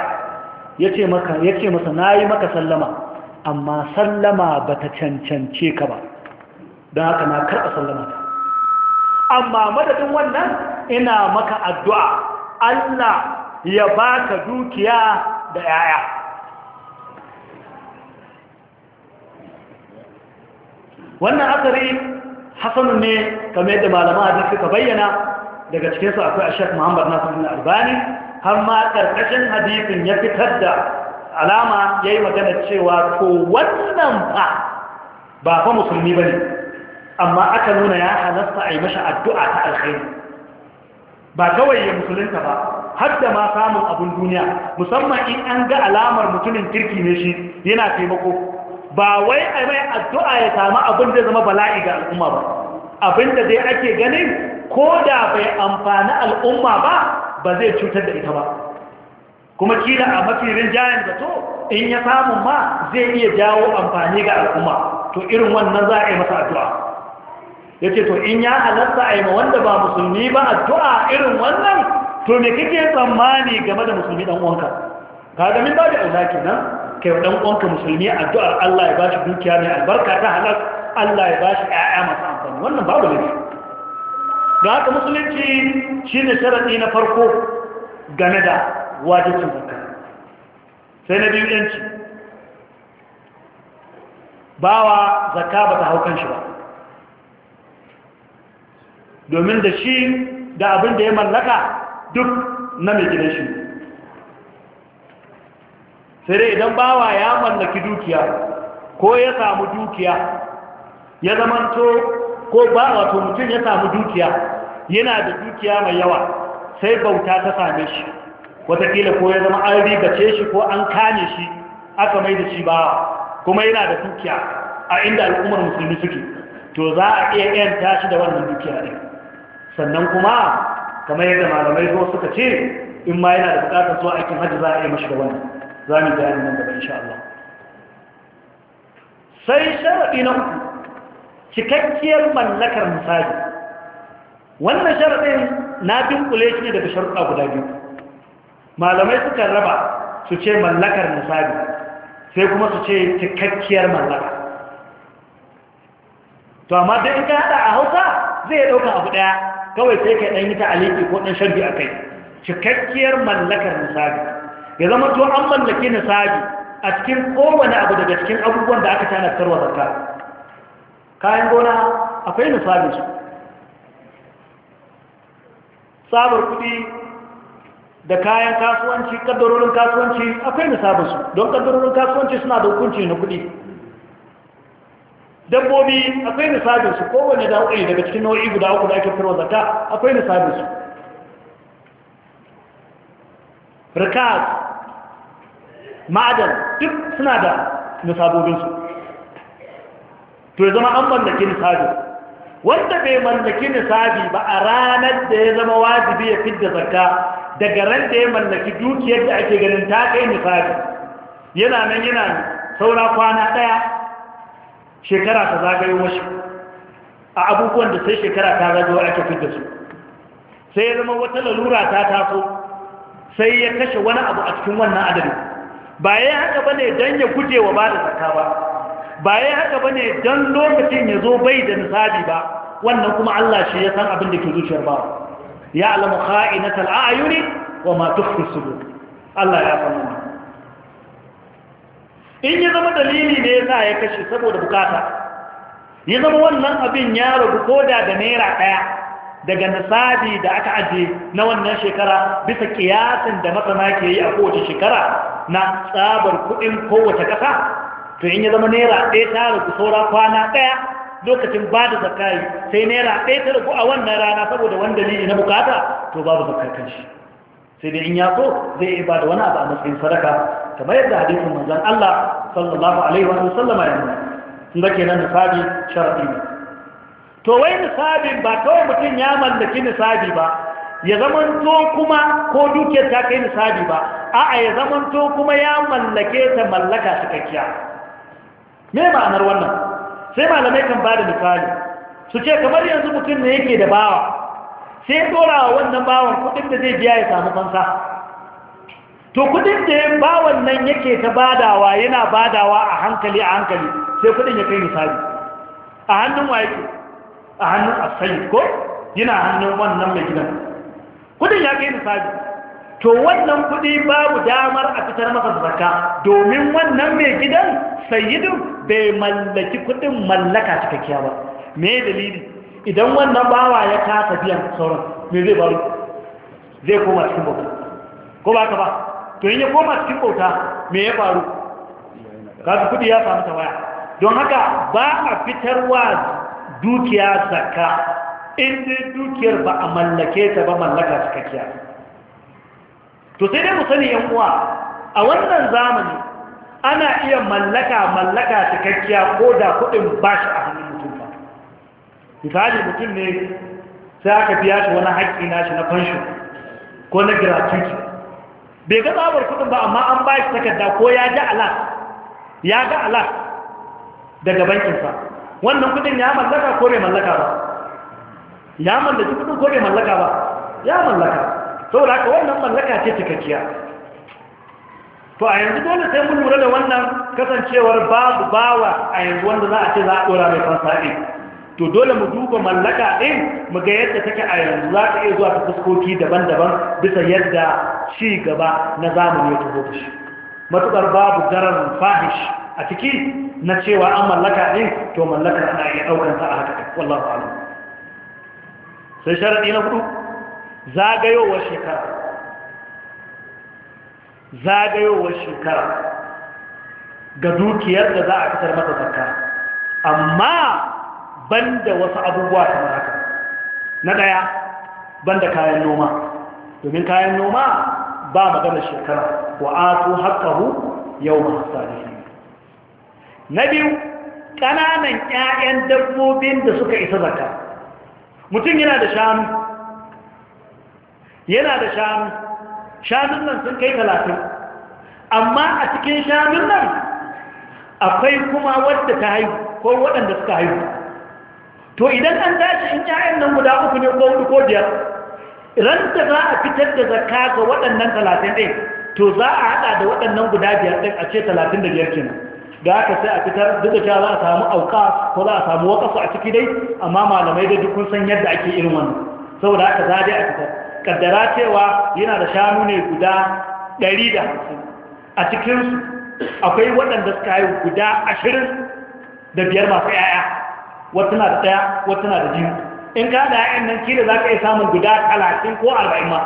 Speaker 1: ya ce masa na yi maka sallama amma sallama ba ta cancance ka ba don haka na karɓa sallama ta amma madadin wannan ina maka addu'a Allah ya baka dukiya da ‘ya'ya wannan asari Hassanu ne kamar yadda malama hadisi suka bayyana daga cikinsu akwai a shek muhammad nasirin albani har ma ƙarƙashin hadisin ya fitar da alama ya yi magana cewa ko wannan ba. ba fa musulmi ba ne amma aka nuna ya halasta a yi mashi addu'a ta alkhairi ba kawai ya musulunta ba har da ma samun abin duniya musamman in an ga alamar mutumin kirki ne shi yana taimako ba wai a mai addu'a ya samu abin da zama bala'i ga al'umma ba abin da dai ake ganin ko da bai amfani al'umma ba ba zai cutar da ita ba kuma kila a mafi da to in ya samu ma zai iya jawo amfani ga al'umma to irin wannan za a yi masa addu'a ya ce to in ya halatta a yi ma wanda ba musulmi ba addu'a irin wannan to me kake tsammani game da musulmi dan uwanka ka ga min ba da aula kenan kai dan uwanka musulmi addu'ar Allah ya bashi dukiya mai albarka ta halar Allah ya bashi ƴaƴa masu amfani wannan babu laifi ga haka musulunci shi ne sharaɗi na farko game da wajibcin zakka sai na biyu yanci bawa zakka ba ta haukan shi ba domin da shi da abin da ya mallaka duk na mai gidan shi sai dai idan bawa ya mallaki dukiya ko ya samu dukiya ya zamanto ko ba wato mutum ya samu dukiya yana da dukiya mai yawa sai bauta ta same shi wataƙila ko ya zama an ribace shi ko an kane shi aka mai da shi ba kuma yana da dukiya a inda al'ummar musulmi suke to za a iya yanta tashi da wannan dukiya ne sannan kuma kamar yadda malamai ko suka ce in ma yana da bukatar zuwa aikin hajji za a iya mashi da wannan za mu bayanin nan gaba insha Allah sai sharadi na uku cikakkiyar mallakar misali wannan sharaɗin na dunkule shi ne daga sharuɗa guda biyu malamai suka raba su ce mallakar misali sai kuma su ce cikakkiyar mallaka to amma da in ka haɗa a hausa zai ɗauka abu ɗaya kawai sai ka ɗan yi ta aliki ko ɗan shan biyu a kai cikakkiyar mallakar misali ya zama to an mallaki misali a cikin kowane abu daga cikin abubuwan da aka tana tarwa zakka kayan gona akwai nisabin su sabar kuɗi da kayan kasuwanci kaddarorin kasuwanci akwai nisabin su don kaddarorin kasuwanci suna da hukunci na kudi. dabbobi akwai nisabin su kowane da uku daga cikin nau'i guda uku da ake fitarwa zata, akwai nisabin su rikas ma'adan duk suna da nisabobinsu to ya zama an mallaki nisabi wanda bai mallaki nisabi ba a ranar da ya zama wajibi ya fidda zakka daga ran da ya mallaki dukiyar da ake ganin ta kai nisabi yana nan yana saura kwana ɗaya shekara ta zagayo mashi a abubuwan da sai shekara ta zagayo ake fidda su sai ya zama wata lalura ta taso sai ya kashe wani abu a cikin wannan adadin ba ya haka ba ne don ya guje wa ba da zakka ba ba ya haka ba ne don lokacin ya zo bai da nisabi ba wannan kuma Allah shi ya san abin da ke zuciyar ba ya alamu ha'ina tal'ayuri wa matu fisudu Allah ya san in ya zama dalili ne ya sa ya kashe saboda bukata ya zama wannan abin ya rabu koda da naira ɗaya daga nisabi da aka ajiye na wannan shekara bisa kiyasin da masana ke yi a kowace shekara na tsabar kuɗin kowace ƙasa to in ya zama naira ɗaya ta ragu saura kwana ɗaya lokacin ba da zakari sai naira ɗaya ta ragu a wannan rana saboda wani dalili na bukata to babu zakar kan shi sai dai in ya so zai iya ba da wani abu a matsayin sadaka kamar yadda hadisin manzan Allah sallallahu alaihi wa sallama ya nuna kun ga kenan nisabi sharadi ne to wai nisabin ba kawai mutum ya mallaki nisabi ba ya to kuma ko dukiyar ta kai nisabi ba a'a ya to kuma ya mallake ta mallaka cikakkiya me ma'anar wannan sai malamai kan ba da misali su ce kamar yanzu mutum ne yake da bawa sai dora wa wannan bawan kudin da zai biya ya samu fansa to kudin da bawan nan yake ta badawa yana badawa a hankali a hankali sai kudin ya kai misali a hannun wa yake a hannun asali ko yana hannun wannan mai gidan kudin ya kai misali to wannan kuɗi babu damar a fitar masa zakka domin wannan mai gidan sayyidin bai mallaki kuɗin mallaka cikakkiya ba me dalili idan wannan bawa ya kasa biyan sauran me zai baro zai koma cikin bauta ko ba ka ba to in ya koma cikin bauta me ya faru kasu kuɗi ya samu ta waya don haka ba a fitarwa dukiya zakka in dai dukiyar ba a mallake ta ba mallaka cikakkiya to sai dai mu sani yan uwa a wannan zamani ana iya mallaka mallaka cikakkiya ko da kuɗin bashi a hannun mutum ba misali mutum ne sai aka biya shi wani haƙƙi na shi na fansho ko na gratuity bai ga tsabar kuɗin ba amma an ba shi takarda ko ya ga alas ya ga alas daga bankinsa wannan kuɗin ya mallaka ko bai mallaka ba ya mallaki kuɗin ko bai mallaka ba ya mallaka saboda haka wannan mallaka ce cikakkiya to a yanzu dole sai mun lura da wannan kasancewar babu bawa a yanzu wanda za a ce za a dora mai fansa ɗin to dole mu duba mallaka ɗin mu ga yadda take a yanzu za ta iya zuwa ta fuskoki daban-daban bisa yadda ci gaba na zamani ya taho da shi matuƙar babu garar fahish a ciki na cewa an mallaka ɗin to mallakar ana iya ɗaukanta a haka wallahu a'lam sai sharaɗi na hudu zagayowar shekara zagayowar shekara ga dukiyar da za a fitar mata zakka amma banda wasu abubuwa kamar haka na daya banda kayan noma domin kayan noma ba maganar shekara wa atu haqqahu yawma hasadihi na biyu ƙananan 'ya'yan dabbobin da suka isa zakka mutum yana da shanu yana da shanu shanun nan sun kai talatin amma a cikin shanun nan akwai kuma wadda ta haihu ko waɗanda suka haihu to idan an tashi in 'ya'yan nan guda uku ne ko hudu ko biyar ran da za a fitar da zakka ga waɗannan talatin ɗin to za a haɗa da waɗannan guda biyar ɗin a ce talatin da biyar kenan da aka sai a fitar duk da za a samu auka ko za a samu wakafu a ciki dai amma malamai da duk kun san yadda ake irin wannan saboda haka za dai a fitar kaddara cewa yana da shanu ne guda 150 a cikinsu akwai waɗanda suka haihu guda da biyar masu 'ya'ya wata na da ɗaya wata na da jini. in ka da 'ya'yan nan kila za ka iya samun guda 30 ko 40 ma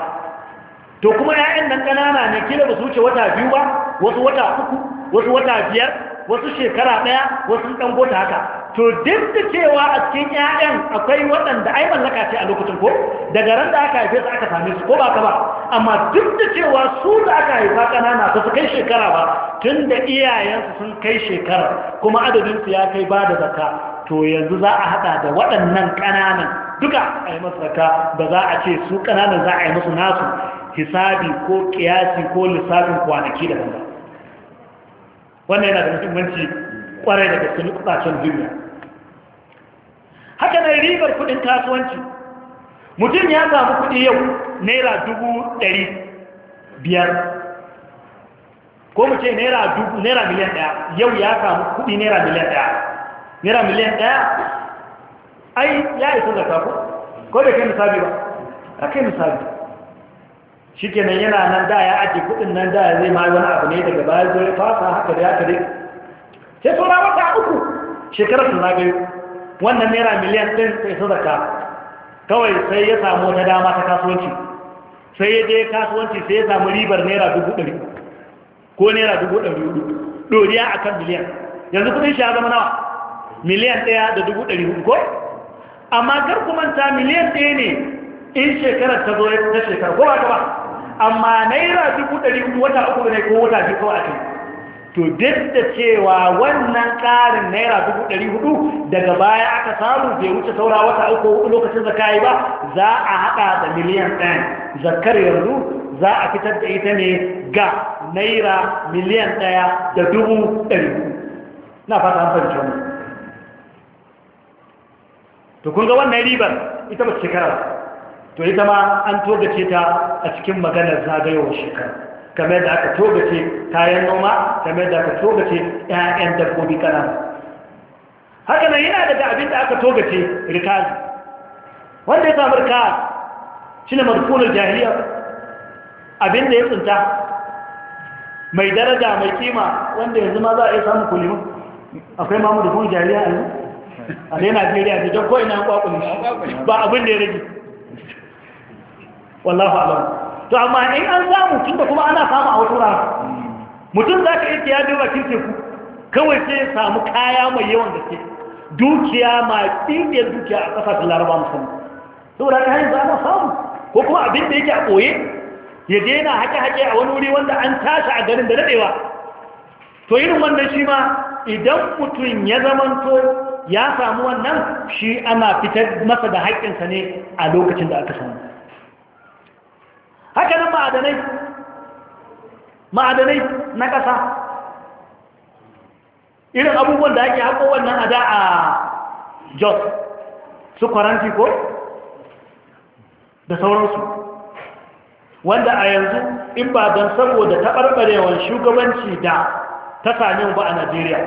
Speaker 1: to kuma 'ya'yan nan ƙanana ne kila ba su wuce wata biyu ba wasu wata uku wasu wata biyar wasu shekara ɗaya wasu ɗan gota haka to duk da cewa a cikin ƴaƴan akwai waɗanda ai mallaka ce a lokacin ko daga ran da aka haife su aka same su ko ba ka ba amma duk da cewa su da aka haifa kanana ba su kai shekara ba tun da iyayensu sun kai shekara kuma adadin su ya kai ba da zakka to yanzu za a haɗa da waɗannan ƙananan duka a yi masu zakka ba za a ce su ƙananan za a yi musu nasu hisabi ko ƙiyasi ko lissafin kwanaki da ba wannan yana da muhimmanci kwarai da gaske nukacin duniya haka mai ribar kudin kasuwanci mutum ya samu kudi yau naira dubu ɗari biyar ko mu ce naira miliyan ɗaya yau ya samu kudi naira miliyan ɗaya naira miliyan ɗaya ai ya isa da ko ko da kai misali ba a kai misali shi kenan yana nan da ya ajiye kudin nan da ya zai ma wani abu ne daga baya zai fasa haka da ya kare sai tura wata uku shekarar su zagayo wannan naira miliyan ɗin sai su zaka kawai sai ya samu wata dama ta kasuwanci sai ya je kasuwanci sai ya samu ribar naira dubu ɗari ko naira dubu ɗari hudu ɗoriya a kan miliyan yanzu kudin shi ya zama nawa miliyan ɗaya da dubu ɗari hudu ko amma garkumanta manta miliyan ɗaya ne in shekarar ta zo ta shekara ko ba ta ba amma naira dubu ɗari hudu wata uku ne ko wata biyu kawai a kai to duk da cewa wannan ƙarin naira dubu dari hudu daga baya aka samu bai wuce saura wata uku hudu lokacin zaka yi ba za a haɗa da miliyan ɗaya zakar yanzu za a fitar da ita ne ga naira miliyan ɗaya da dubu ɗari na fata an fahimci to kun ga wannan ribar ita ba shekara to ita ma an togace ta a cikin maganar zagayowar shekara kamar da aka togace kayan noma kamar da aka togace 'ya'yan dabbobi kana haka nan yana daga abin da aka togace rikazi wanda ya samu ka shi ne marfunar jahiliya abin da ya tsinta mai daraja mai kima wanda yanzu ma za a yi samun kulimin akwai mamu da kun jahiliya a yi a dai najeriya da jan kwakwunin ba abin da ya rage wallahu alamu to amma in an samu tun da kuma ana samu a wasu rana mutum za ka yake ya bi bakin teku kawai sai ya samu kaya mai yawan gaske dukiya ma ɗinɗiyar dukiya a ƙasashen laraba musamman saboda ta hanyar ana samu ko kuma abin da yake a ɓoye ya daina haƙe-haƙe a wani wuri wanda an tashi a garin da daɗewa to irin wannan shi ma idan mutum ya zamanto ya samu wannan shi ana fitar masa da haƙƙinsa ne a lokacin da aka samu haka nan ma'adanai ma'adanai na ƙasa irin abubuwan da ake haƙo wannan a da a jos su kwaranti ko da sauransu wanda a yanzu in ba don saboda taɓarɓarewar shugabanci da ta sami ba a najeriya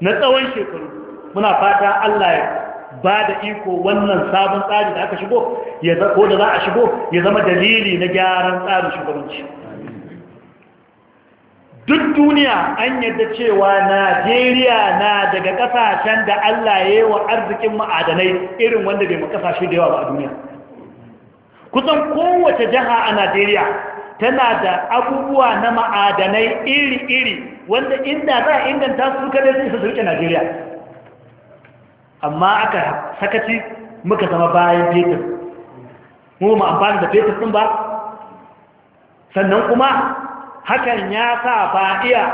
Speaker 1: na tsawon shekaru muna fata allah ya ba da iko wannan sabon tsari da aka shigo ko da za a shigo ya zama dalili na gyaran tsarin shugabanci duk duniya an yadda cewa najeriya na daga kasashen da allah ya yi wa arzikin ma'adanai irin wanda bai makasashe da yawa ba a duniya kusan kowace jiha a najeriya tana da abubuwa na ma'adanai iri-iri wanda inda za a inganta su kada su su rike najeriya amma aka sakaci muka zama bayan fetur mu ma amfani da fetur ɗin ba sannan kuma hakan ya sa ba iya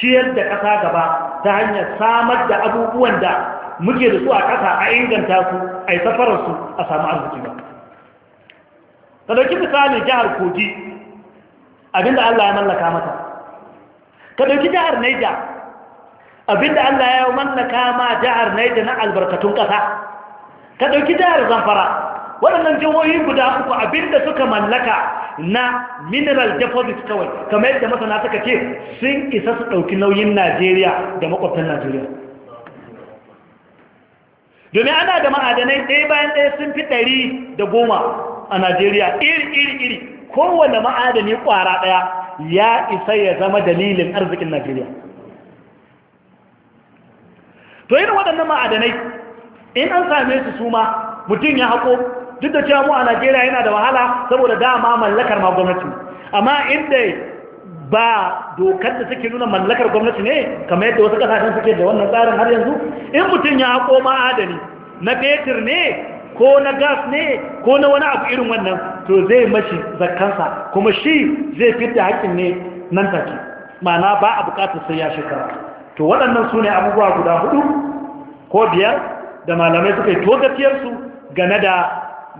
Speaker 1: ciyar da ƙasa gaba ta hanyar samar da abubuwan da muke da su a ƙasa a inganta su a yi safararsu a samu arziki ba ta dauki misali jihar kogi abinda allah ya mallaka mata ka dauki jihar naija abinda Allah ya yi manna kama jihar yadda na albarkatun ƙasa ka ɗauki jihar Zamfara waɗannan jihohi guda uku abinda suka mallaka na mineral deposit kawai kamar yadda masana suka ce sun isa su ɗauki nauyin Najeriya da makwabtan Najeriya domin ana da ma'adanai ɗaya bayan ɗaya sun fi ɗari da goma a Najeriya iri iri iri kowane ma'adani ƙwara ɗaya ya isa ya zama dalilin arzikin Najeriya to irin waɗannan ma'adanai in an same su suma, mutum ya haƙo duk da cewa mu a najeriya yana da wahala saboda dama mallakar ma gwamnati amma inda ba dokar da take nuna mallakar gwamnati ne kamar yadda wasu ƙasashen suke da wannan tsarin har yanzu in mutum ya haƙo ma'adani na fetur ne ko na gas ne ko na wani abu irin wannan to zai mashi zakkansa kuma shi zai fita haƙin ne nan take ma'ana ba a buƙatar sai ya shekara to waɗannan su ne abubuwa guda hudu ko biyar da malamai suka yi togaciyarsu game da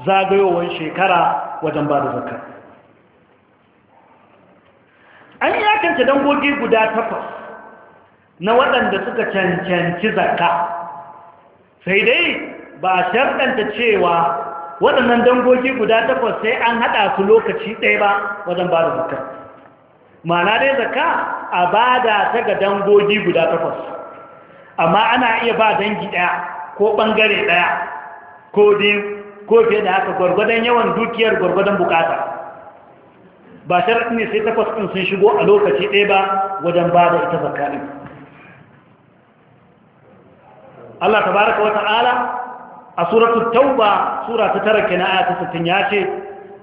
Speaker 1: zagayowar shekara wajen ba da zakka an yakance dangogi guda takwas na waɗanda suka cancanci zakka sai dai ba a shartanta cewa waɗannan dangogi guda takwas sai an haɗa su lokaci ɗaya ba wajen ba da zakka ma'ana dai zakka a ba da ta ga dangogi guda takwas amma ana iya ba dangi ɗaya ko ɓangare ɗaya ko biyu ko fiye da haka gwargwadon yawan dukiyar gwargwadon bukata ba sharaɗi ne sai takwas ɗin sun shigo a lokaci ɗaya ba wajen ba da ita zakarin Allah tabaraka ala a suratu tauba sura ta tara kina a ta sattin ya ce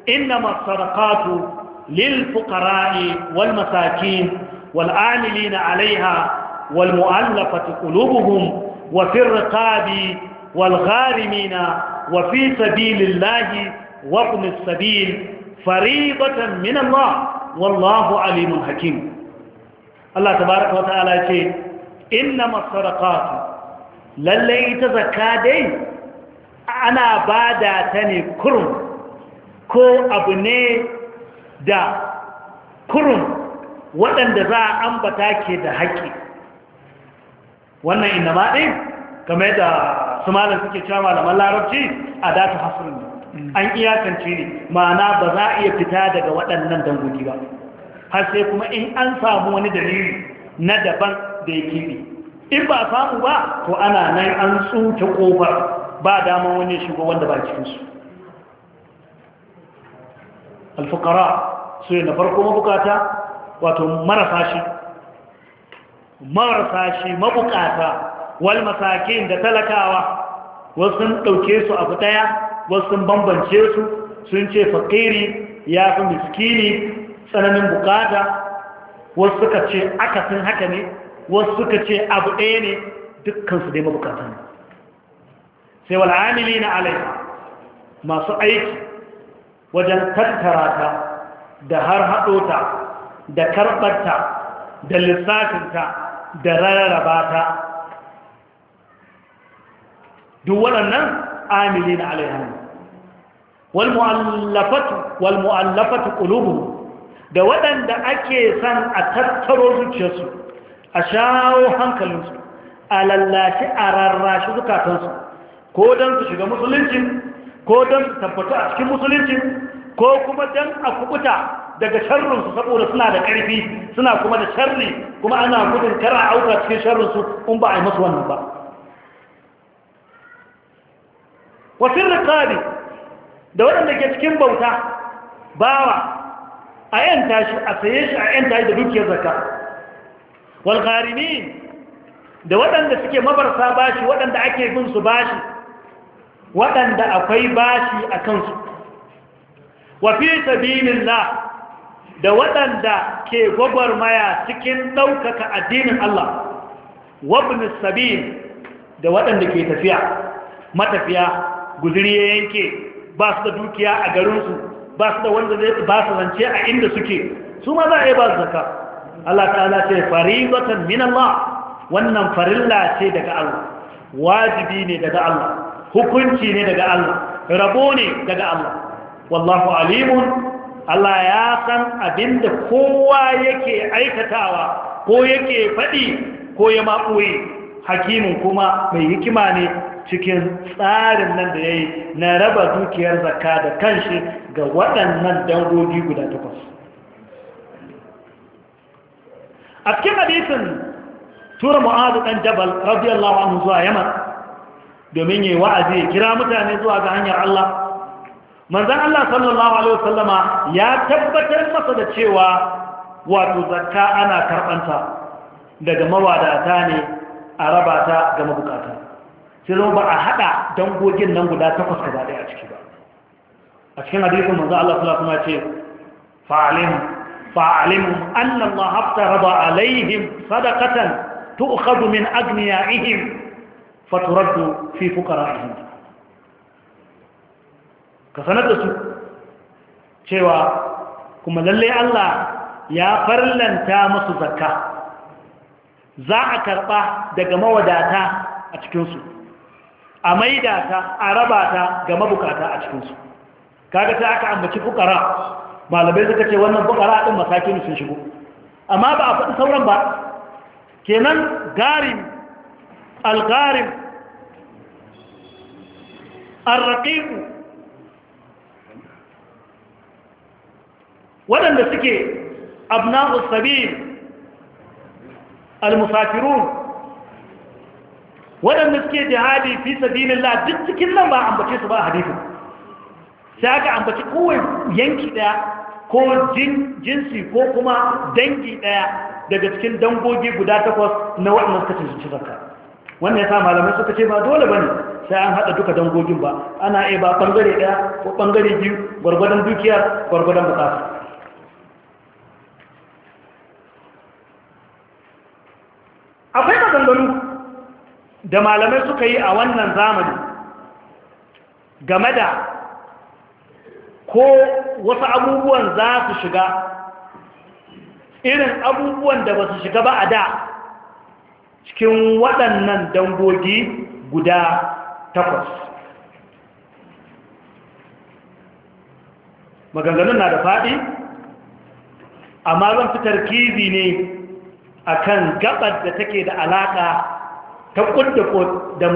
Speaker 1: inna masarakatu lil fukara'i wal masakin والعاملين عليها والمؤلفة قلوبهم وفي الرقاب والغارمين وفي سبيل الله وابن السبيل فريضة من الله والله عليم حكيم الله تبارك وتعالى يقول إنما الصدقات للي تزكى ana ba da ta ne kurum ko abu ne da kurum waɗanda za a ambata ke da haƙƙi wannan inda ma ɗin game da su malar suke cewa malaman larabci a datu hasulun mm. an iyakance ne ma'ana ba za a iya fita daga waɗannan dangogi ba har sai kuma in an samu wani dalili na daban da ya kiɓe in ba a samu ba to ana nan an tsuta ƙofar ba damar wani shigo wanda ba cikinsu alfukara su na farko mabukata wato marasa shi marasa shi mabukata wal masakin da talakawa wasu sun ɗauke su abu ɗaya wasu bambance su sun ce fakiri ya fi miskini tsananin bukata wasu suka ce akasin haka ne wasu suka ce abu ɗaya ne dukkansu dai mabukata ne sai wal'amili na alai masu aiki wajen tattara ta da har haɗo ta da karɓarta da lissafinta da rarraba ta duk waɗannan amili na alayyana mu'allafatu ƙulubu da waɗanda ake san a tattaro zuciyarsu a shawo hankalinsu a lallashi a rarrashi zukatansu ko don su shiga musulunci ko don su tabbata a cikin musulunci ko kuma don a kubuta daga sharrinsu saboda suna da ƙarfi suna kuma da sharri kuma ana gudun kara auka cikin sharrinsu in ba a yi masu wannan ba wasu rikari da waɗanda ke cikin bauta bawa a yanta shi a saye shi a yanta da dukiyar zaka walgarimi da waɗanda suke mabarsa bashi waɗanda ake bin su bashi waɗanda akwai bashi a kansu wafi sabilillah da waɗanda ke gwagwarmaya cikin ɗaukaka addinin Allah wabin sabin da waɗanda ke tafiya matafiya guziri ya yanke ba su da dukiya a garinsu ba su da wanda zai ba su zance a inda suke su ma za a yi ba su zaka Allah ta'ala ce min Allah wannan farilla ce daga Allah wajibi ne daga Allah hukunci ne daga Allah rabo ne daga Allah wallahu alimun Allah ya san abin da kowa yake aikatawa ko yake faɗi ko ya maɓoye hakimin kuma mai hikima ne cikin tsarin nan da ya yi na raba dukiyar zakka da kanshi ga waɗannan dangogi guda takwas a cikin hadisin tura mu'adu ɗan jabal radiyallahu anhu zuwa Yamar domin yi wa'azi ya kira mutane zuwa ga hanyar Allah manzan Allah sallallahu Alaihi wasallama ya tabbatar masa da cewa wato zakka ana karɓanta daga mawadata ne a raba ta ga mabukata sai zama ba a haɗa dangogin nan guda takwas gaba ɗaya a ciki ba a cikin hadisun manzan Allah sallallahu Alaihi wasallama ce fa'alim fa'alim annan ma hafta raba alaihim sadakatan tu'khadu min agniyaihim faturaddu fi fuqara'ihim ka sanar da su cewa kuma lalle Allah ya farlanta masu zakka za a karɓa daga mawadata a cikinsu a maidata a rabata ga mabukata a cikinsu kaga ta aka ambaci fukara malamai suka ce wannan fukara ɗin masakin sun shigo amma ba a faɗi sauran ba kenan garin algarin arraƙiku. waɗanda suke abna'us sabil al-musafirun waɗanda suke jihadi fi sabilillah duk cikin nan ba ambace su ba hadisin sai aka ambaci kowai yanki daya ko jinsi ko kuma dangi daya daga cikin dangogi guda takwas na waɗannan suka cinci zakka wannan ya sa malamai suka ce ba dole bane sai an haɗa duka dangogin ba ana iya ba ɓangare ɗaya ko ɓangare biyu gwargwadon dukiya gwargwadon bukata da malamai suka yi a wannan zamani game da ko wasu abubuwan za su shiga irin abubuwan da ba su shiga ba a da cikin waɗannan dangogi guda takwas maganganun na da faɗi amma zan fitar kizi ne akan gabar da take da alaƙa ta kudda ko da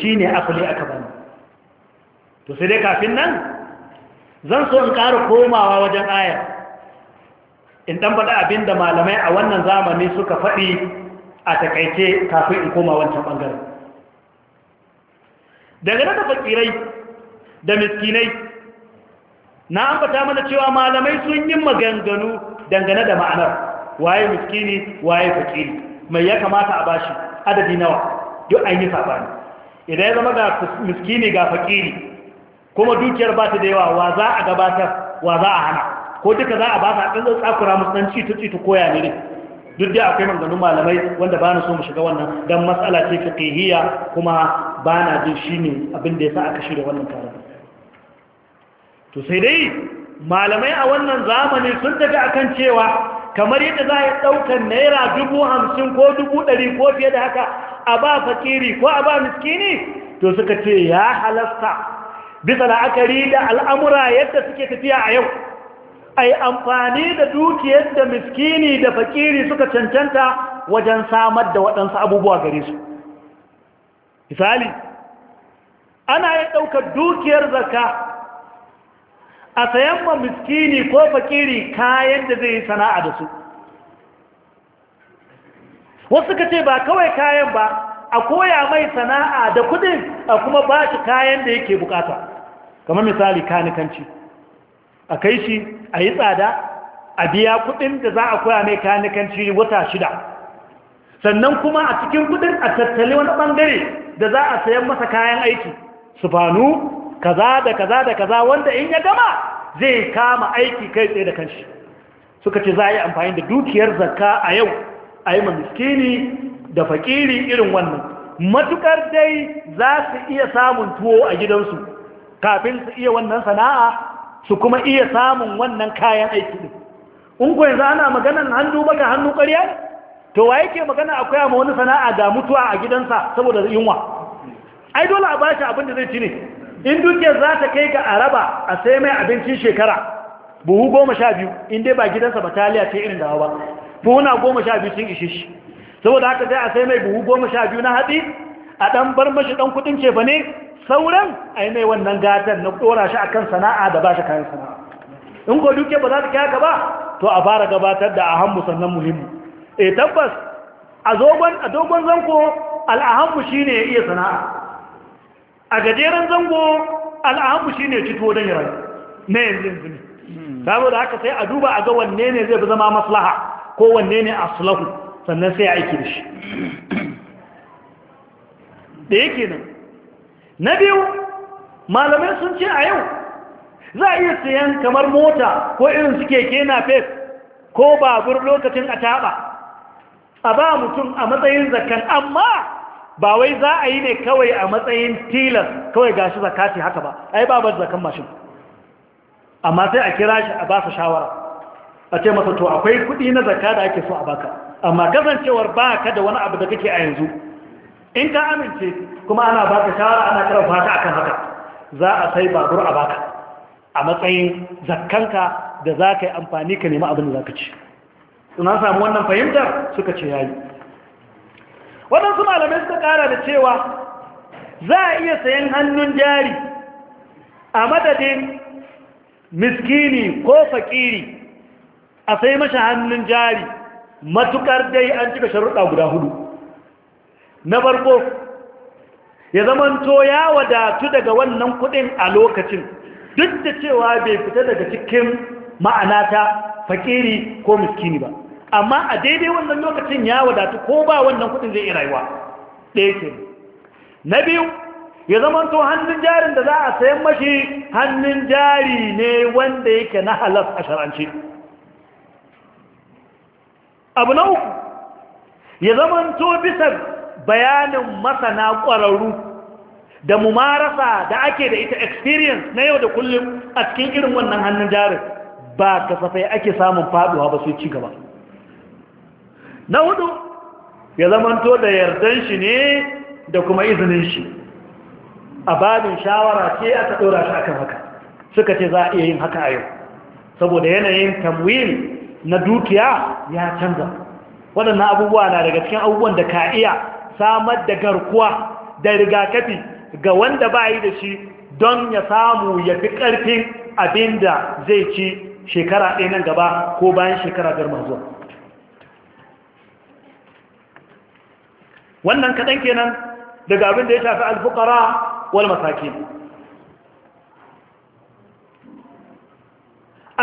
Speaker 1: shi da asali aka bani to sai dai kafin nan zan so in ƙara komawa wajen aya in ɗan faɗa da malamai a wannan zamani suka faɗi a takaice kafin in koma wancan ɓangaren daga da fakirai da miskinai na ambata mana cewa malamai sun yi maganganu dangane da ma'anar waye miskini waye fakiri mai ya kamata a bashi adadi nawa duk an yi sabani idan ya zama ga miskini ga fakiri kuma dukiyar ba ta da yawa wa za a gabatar wa za a hana ko duka za a ba ta ɗan tsakura musu ci tuci ta koya ne duk da akwai maganganun malamai wanda ba na so mu shiga wannan don matsala ce fiqhiyya kuma ba na jin shi ne abin da ya sa aka shirya wannan taron to sai dai malamai a wannan zamani sun tafi akan cewa kamar yadda za a ɗaukar naira dubu hamsin ko dubu ɗari ko fiye da haka a ba fakiri ko a ba miskini to suka ce ya halasta bisa la'akari da al'amura yadda suke tafiya a yau ai amfani da dukiyar da miskini da fakiri suka cancanta wajen samar da waɗansu abubuwa gare su misali ana yi ɗaukar dukiyar zaka a sayan ma miskini ko fakiri kayan da zai yi sana'a da su wasu ka ce ba kawai kayan ba a koya mai sana'a da kudin a kuma ba shi kayan da yake bukata kamar misali kanikanci a kai shi a yi tsada a biya kudin da za a koya mai kanikanci wata shida sannan kuma a cikin kudin a tattali wani bangare da za a sayan masa kayan aiki su fanu kaza da kaza da kaza wanda in ya gama zai kama aiki kai tsaye da kanshi suka ce za a yi amfani da dukiyar zakka a yau a yi miskini da fakiri irin wannan matukar dai za su iya samun tuwo a gidansu kafin su iya wannan sana'a su kuma iya samun wannan kayan aiki din in ko yanzu ana maganan hannu baka hannu ƙarya to wa yake magana akwai ma wani sana'a da mutuwa a gidansa saboda yunwa ai dole a bashi abin da zai ci ne in dukiyar za ta kai ga araba a sai mai abincin shekara buhu goma sha biyu inda ba gidansa ba taliya ce irin dawa ba na goma sha biyu sun ishe shi saboda haka sai a sai mai buhu goma sha biyu na haɗi a ɗan bar mashi ɗan kuɗin ce ba ne sauran a yi mai wannan gatan na ɗora shi a kan sana'a da ba shi kayan sana'a in ko dukiyar ba za ta kai haka ba to a fara gabatar da ahan sannan muhimmi e eh, tabbas a dogon zanko shi ne ya iya sana'a a gajeren zango al'amu shi ne cito don yara na yanzu yanzu ne saboda haka sai a duba a ga wanne ne zai fi zama maslaha ko wanne ne a sulahu sannan sai aiki da shi da yake nan na biyu malamai sun ce a yau za a iya sayan kamar mota ko irin su keke na fef ko babur lokacin a taɓa a ba mutum a matsayin zakan amma ba wai za a yi ne kawai a matsayin tilas kawai ga shi zakati haka ba ai ba bar zakan mashin amma sai a kira shi a ba su shawara a ce masa to akwai kuɗi na zakka da ake so a baka amma kasancewar ba ka da wani abu da kake a yanzu in ka amince kuma ana ba ka shawara ana karfa ta akan haka za a sai babur a baka a matsayin zakkanka da za ka yi amfani ka nemi abin da za ka ci suna samu wannan fahimtar suka ce yayi waɗansu malamai suka ƙara da cewa za a iya sayan hannun jari a madadin miskini ko fakiri a sai mashi hannun jari matuƙar dai an cika sharuɗa guda hudu na farko ya zamanto ya wadatu daga wannan kuɗin a lokacin duk da cewa bai fita daga cikin ma'anata fakiri ko miskini ba amma a daidai wannan lokacin ya wadatu ko ba wannan kudin zai iya rayuwa ɗaya ke na biyu ya zama hannun jarin da za a sayan mashi hannun jari ne wanda yake na halas a sharanci abu na uku ya zama to bisa bayanin masana ƙwararru da mumarasa da ake da ita experience na yau da kullum a cikin irin wannan hannun jarin ba kasafai ake samun faduwa ba su ci gaba na hudu ya zamanto da yardan shi ne da kuma izinin shi a babin shawara ce aka ɗora shi akan haka suka ce za a iya yin haka a yau saboda yanayin tamwil na dukiya ya canza waɗannan abubuwa na daga cikin abubuwan da ka iya samar da garkuwa da rigakafi ga wanda ba yi da shi don ya samu ya fi ƙarfin abin da zai ci shekara ɗaya nan gaba ko bayan shekara biyar zuwa wannan kaɗan kenan daga abin da ya shafi alfukara wal masakin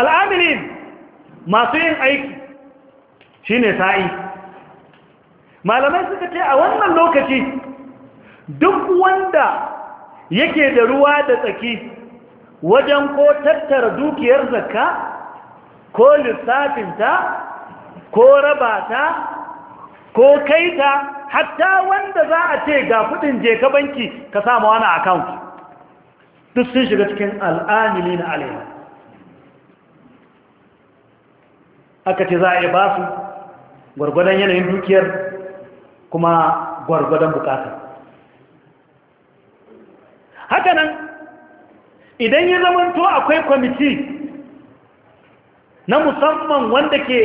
Speaker 1: al'amilin masu yin aiki shi ne sa'i malamai suka ce a wannan lokaci duk wanda yake da ruwa da tsaki wajen ko tattara dukiyar zakka ko lissafinta ko rabata ko kaita hatta wanda za a ce ga kudin je ka banki ka samu wani account duk sun shiga cikin al'amili na alaiya aka ce za a yi ba su gwargwadon yanayin dukiyar kuma gwargwadon bukata nan, idan ya zamanto akwai kwamiti na musamman wanda ke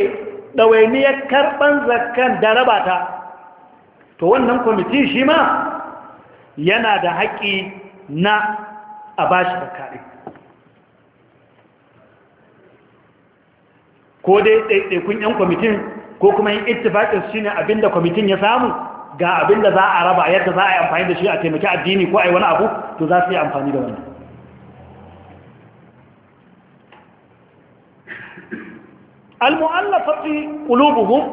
Speaker 1: ɗawainiyar karɓar zakan da rabata to wannan kwamitin shi ma yana da haƙƙi na a ba shi bakari ko dai ɗaiɗaikun 'yan kwamitin ko kuma yin ittifaƙin shi ne abinda kwamitin ya samu ga abinda za a raba yadda za a yi amfani da shi a taimaki addini ko a yi wani abu to za su yi amfani da wani al-mu'allafati qulubuhum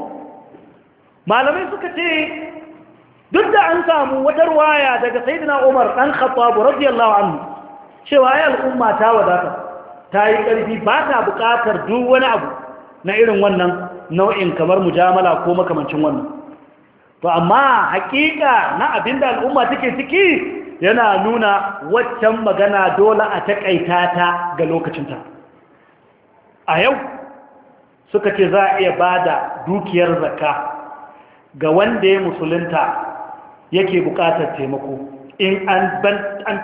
Speaker 1: malamai suka ce duk da an samu wata ruwaya daga sayyidina Umar dan Khattab radiyallahu anhu cewa ai al'umma ta wadata ta yi ƙarfi ba ta buƙatar duk wani abu na irin wannan nau'in kamar mujamala ko makamancin wannan to amma hakika na abinda al'umma take ciki yana nuna waccan magana dole a takaita ta ga lokacinta a yau suka ce za a iya bada dukiyar zakka ga wanda ya musulunta yake buƙatar taimako in an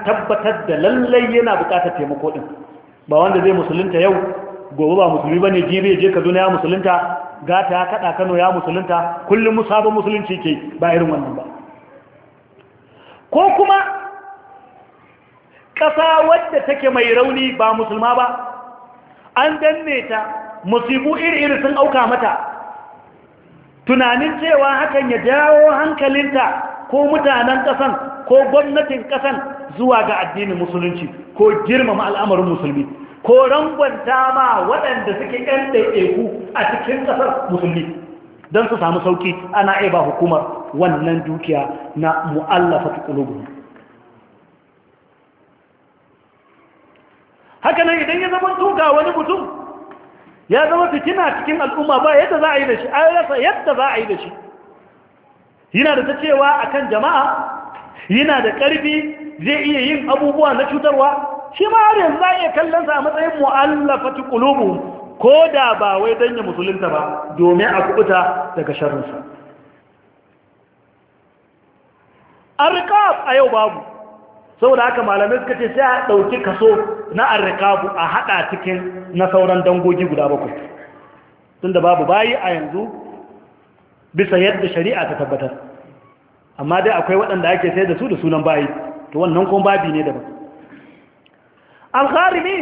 Speaker 1: tabbatar da lallai yana buƙatar taimako ɗin ba wanda zai musulunta yau gobe ba musulmi ba ne jibe je kaduna ya musulunta gata ya kaɗa kano ya musulunta kullum musabin musulunci ke ba irin wannan ba ko kuma ƙasa wadda take mai rauni ba musulma ba an danne ta musibu iri-iri sun auka mata tunanin cewa hakan ya jawo hankalinta ko mutanen ƙasan ko gwamnatin ƙasan zuwa ga addinin musulunci ko girmama al'amarin musulmi ko rangwanta ma waɗanda suke ‘yan ɗaiɗaiku a cikin ƙasar musulmi don su samu sauƙi ana iya ba hukumar wannan dukiya na mu'allafa tukulubu haka nan idan ya zama tuka wani mutum ya zama fitina cikin al'umma ba yadda za a yi da shi an rasa yadda za a yi da shi yana da ta cewa akan jama'a yana da ƙarfi zai iya yin abubuwa na cutarwa shi ma har yanzu za iya kallonsa a matsayin mu'allafatu qulubu ko da ba wai dan ya musulunta ba domin a kubuta daga sharrinsa arqab a yau babu saboda haka malamai suka ce sai a ɗauki kaso na arqabu a haɗa cikin na sauran dangogi guda bakwai tunda babu bayi a yanzu bisa yadda shari'a ta tabbatar amma dai akwai waɗanda ake sayar da su da sunan bayi to wannan kuma babi ne daban alkharimi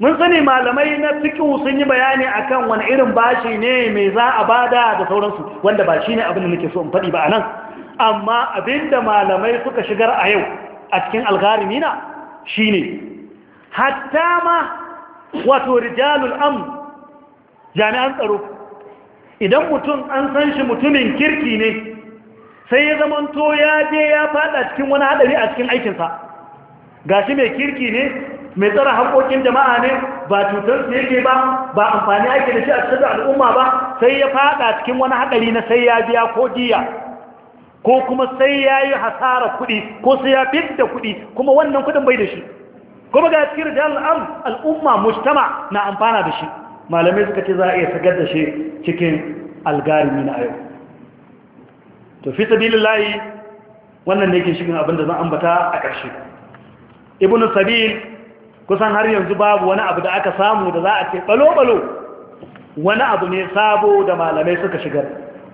Speaker 1: mun sani malamai na fiqh sun yi bayani akan wani irin bashi ne mai za a bada da sauransu wanda ba shine abin da nake so in faɗi ba anan amma abinda malamai suka shigar a yau a cikin na shine hatta ma wato rijalul amn jami'an tsaro idan mutum an san shi mutumin kirki ne sai ya zamanto ya je ya fada cikin wani hadari a cikin aikinsa gashi mai kirki ne mai tsara haƙoƙin jama'a ne ba cutar su yake ba ba amfani ake da shi a cikin al'umma ba sai ya fada cikin wani hadari na sai ya biya ko jiya ko kuma sai ya yi hasara kuɗi ko sai ya fidda kuɗi kuma wannan kuɗin bai da shi kuma ga cikin rijal al'umma mujtama na amfana da shi malamai suka ce za a iya sagar da shi cikin algarimi na yau to fi sabilin layi wannan ne ke shigin abinda zan ambata a ƙarshe ibn sabil kusan har yanzu babu wani abu da aka samu da za a ce balo-balo wani abu ne sabo da malamai suka shigar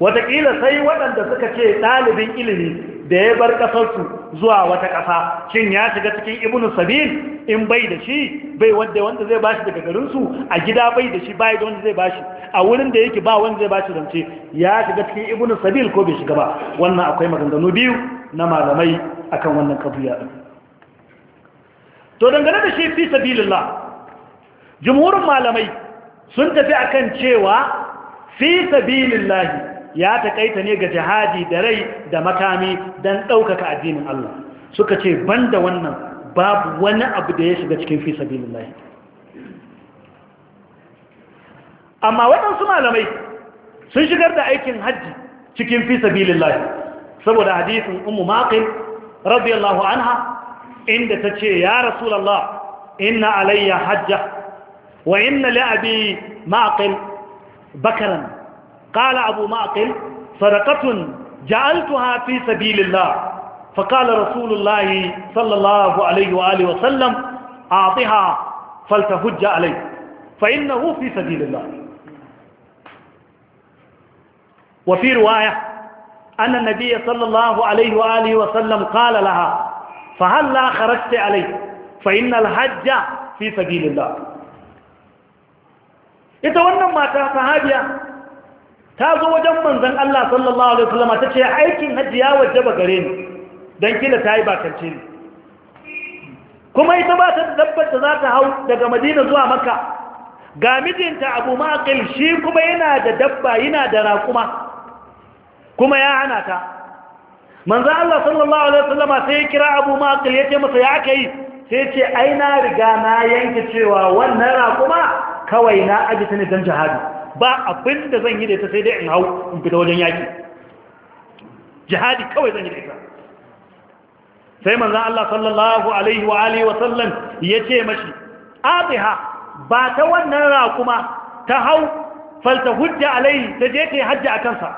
Speaker 1: watakila sai waɗanda suka ce ɗalibin ilimi da ya bar ƙasarsu zuwa wata ƙasa shin ya shiga cikin ibnu sabil in bai da shi bai wanda wanda zai bashi daga garinsu a gida bai da shi bai da wanda zai bashi a wurin da yake ba wanda zai bashi zance ya shiga cikin ibnu sabil ko bai shiga ba wannan akwai maganganu biyu na malamai akan wannan kabiya to dangane da shi fi sabilillah jumhurin malamai sun tafi akan cewa fi sabilillah ya taƙaita ne ga jihadi da rai da makami don ɗaukaka addinin Allah suka ce ban da wannan babu wani abu da ya shiga cikin fi sabilillahi amma waɗansu malamai sun shigar da aikin hajji cikin fi sabilillahi saboda hadisin ummu maqil radiyallahu anha inda ta ce ya rasulallah inna alayya hajja wa inna li abi maqil قال أبو معقل صدقة جعلتها في سبيل الله فقال رسول الله صلى الله عليه وآله وسلم أعطها فلتهج عليه فإنه في سبيل الله وفي رواية أن النبي صلى الله عليه وآله وسلم قال لها فهل لا خرجت عليه فإن الحج في سبيل الله إذا ونما mata ta zo wajen manzon Allah sallallahu alaihi wasallam ta ce aikin hajji ya wajaba gare ni don kila ta yi bakance ni kuma ita ba ta dabbar da za ta hau daga Madina zuwa Makka ga mijinta Abu Maqil shi kuma yana da dabba yana da raƙuma kuma ya hana ta manzon Allah sallallahu alaihi sai ya kira Abu Maqil ya ce masa ya yi, sai ce aina riga na yanke cewa wannan raƙuma kawai na ajita ne dan jihadi ba abin da zan yi da ita sai dai in hau in fita wajen yaki jihadi kawai zan yi da ita sai manzan Allah sallallahu alaihi wa alihi wa sallam ya ce mashi aziha ba ta wannan raƙuma ta hau falta hujja alaihi ta je ta yi hajji a kansa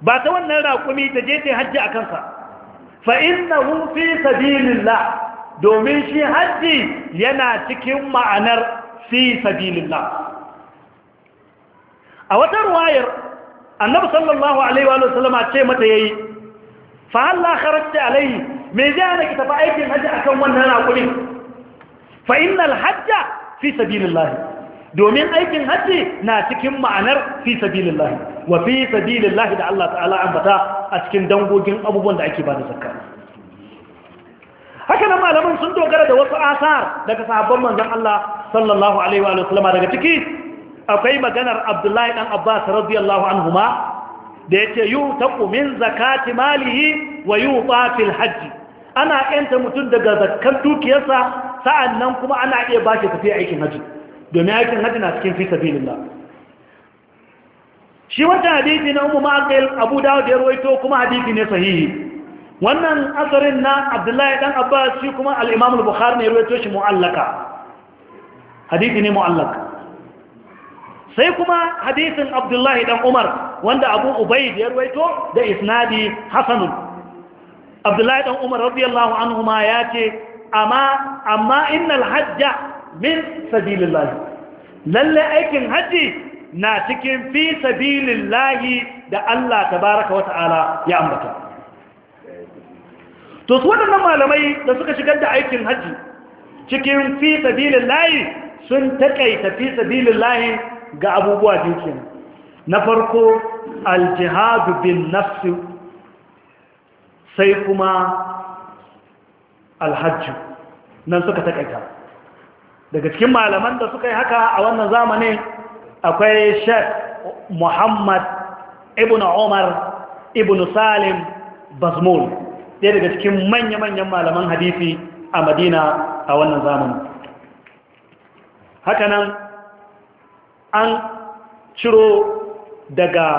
Speaker 1: ba ta wannan raƙumi ta je ta yi hajji a kansa fa innahu fi sabilillah domin shi hajji yana cikin ma'anar fi sabilillah a wata ruwayar annabi sallallahu alaihi wa sallama ce mata yayi fa Allah kharajta alaihi me zai hana ki tafi aikin hajji akan wannan raƙumin fa innal hajja fi sabilillah domin aikin hajji na cikin ma'anar fi sabilillah wa fi sabilillah da Allah ta'ala ambata a cikin dangogin abubuwan da ake ba da zakka haka nan malaman sun dogara da wasu asar daga sahabban manzon Allah sallallahu alaihi wa sallama daga ciki akwai maganar abdullahi ɗan abbas radiyallahu anhuma da yace yutaqu min zakati malihi wa yuta fil hajj ana yanta mutum daga zakkan dukiyarsa sa'an nan kuma ana iya bashi tafiya aikin haji domin aikin haji na cikin fi sabilillah shi wata hadithi na ummu ma'aqil abu dawo da ya ruwaito kuma hadithi ne sahihi wannan asarin na abdullahi ɗan abbas shi kuma al-imam bukhari ne ya ruwaito shi mu'allaka Hadithi ne mu'allaka sai kuma hadisin abdullahi dan umar wanda abu ubaid ya ruwaito da isnadi hasanun abdullahi dan umar radiyallahu anhu ma ya ce amma amma innal hajja min sabilillah lalle aikin haji na cikin fi sabilillah da Allah tabaraka wa ta'ala ya ambata to su waɗannan malamai da suka shigar da aikin haji cikin fi sabilillah sun takaita fi sabilillah ga abubuwa biyu na farko aljihadu bin nafsi sai kuma alhajju nan suka takaita daga cikin malaman da suka yi haka a wannan zamanin akwai sheikh muhammad ibn umar ibn salim Bazmul. ɗaya daga cikin manya-manyan malaman hadisi a madina a wannan zamanin Haka nan. an ciro daga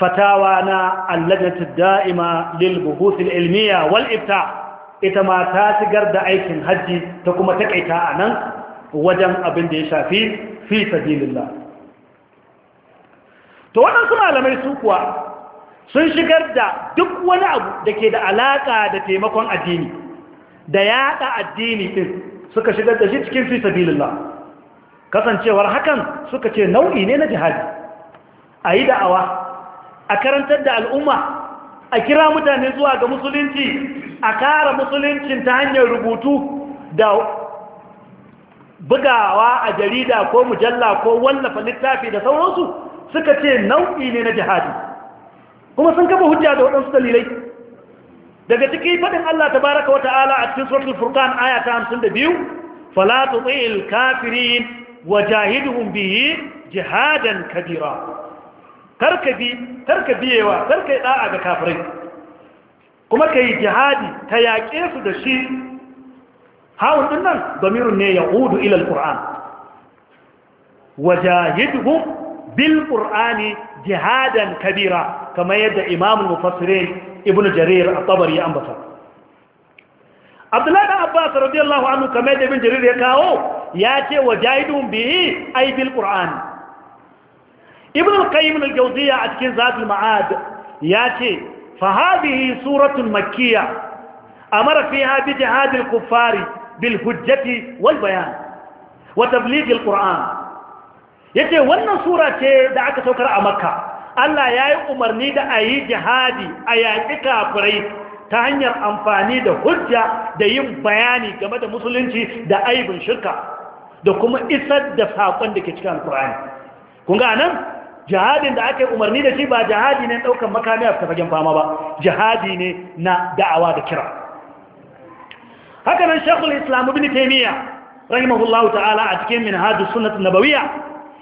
Speaker 1: fatawa na allajnatu da'ima lil buhuthil ilmiya wal ibta ita ma ta shigar da aikin hajji ta kuma takaita a nan wajen abin da ya shafi fi sabilillah to waɗansu malamai su kuwa sun shigar da duk wani abu da ke da alaƙa da taimakon addini da yaɗa addini ɗin suka shigar da shi cikin fi sabilillah kasancewar hakan suka ce nau'i ne na jihadi a yi da'awa a karantar da al'umma a kira mutane zuwa ga musulunci a kara musuluncin ta hanyar rubutu da bugawa a jarida ko mujalla ko wallafa littafi da sauransu suka ce nau'i ne na jihadi kuma sun kafa hujja da waɗansu dalilai daga ciki faɗin Allah ta baraka wata'ala a cikin suratul furqan aya ta 52 fala tuti'il kafirin wajahidhum biyi jihadan kabira karkabi karkabiyewa karkai da'a ga kafirai kuma kai jihadi ta yaƙe su da shi hawun din nan damirun ne ya yaudu ila alquran wajahidhum bil qur'ani jihadan kabira kamar yadda imamul mufassirin Ibn jarir at-tabari ya ambata abdullahi ibn abbas radiyallahu anhu kamar yadda ibn jarir ya kawo ya ce wa jahidun bihi ai bil qur'an ibn al-qayyim al gauziya a cikin zatul ma'ad ya ce fa hadhihi suratun makkiyya a fiha bi jihad kufari bilhujjati wal bayan wa tabligh al ya yace wannan sura ce da aka saukar a makka Allah ya yi umarni da a yi jihadi a yaƙi kafirai ta hanyar amfani da hujja da yin bayani game da musulunci da aibin shirka da kuma isar da saƙon da ke cikin alkur'ani kun ga nan jihadin da ake umarni da shi ba jihadi ne ɗaukan makami a fagen fama ba jihadi ne na da'awa da kira haka nan shekul islam ibn taimiyya rahimahullahu ta'ala a cikin minhajus sunnah sunnat nabawiyya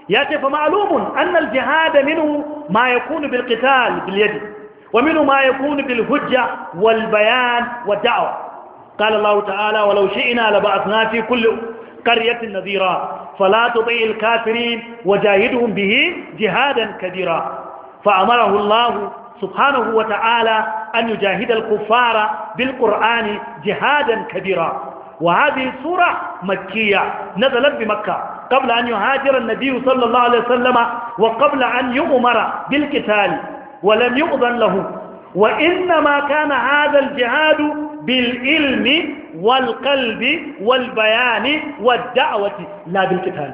Speaker 1: ya ce fa ma'lumun annal jihad minhu ma yakunu bil qital bil yad wa minhu ma yakunu bil hujja wal bayan wa da'wa قال الله تعالى ولو شئنا لبعثنا في كل قرية نذيرا فلا تطيع الكافرين وجاهدهم به جهادا كبيرا فأمره الله سبحانه وتعالى أن يجاهد الكفار بالقرآن جهادا كبيرا وهذه السورة مكية نزلت بمكة قبل أن يهاجر النبي صلى الله عليه وسلم وقبل أن يؤمر بالقتال ولم يؤذن له وإنما كان هذا الجهاد bayani wa da'awati والدعوة لا بالقتال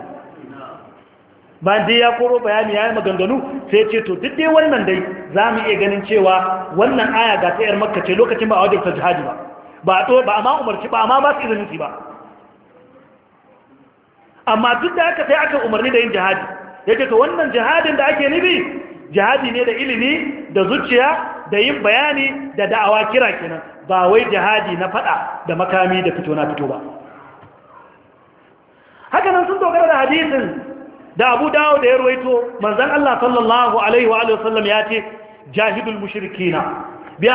Speaker 1: ba dai ya koro bayani ya yi maganganu sai ce to duk dai wannan dai za mu iya ganin cewa wannan aya ga ta yar makka ce lokacin ba a wajen jihadi ba ba a ma umarci ba a ma ba su izinin ba amma duk da aka sai aka umarni da yin jihadi ya ce to wannan jihadin da ake nubi jihadi ne da ilimi da zuciya da yin bayani da da'awa kira kenan ba wai jihadi na fada da makami da fito na fito ba haka nan sun dogara da hadisin da abu dawo da ya ruwaito manzan Allah sallallahu alaihi wa sallam ya ce jahidul mushrikina bi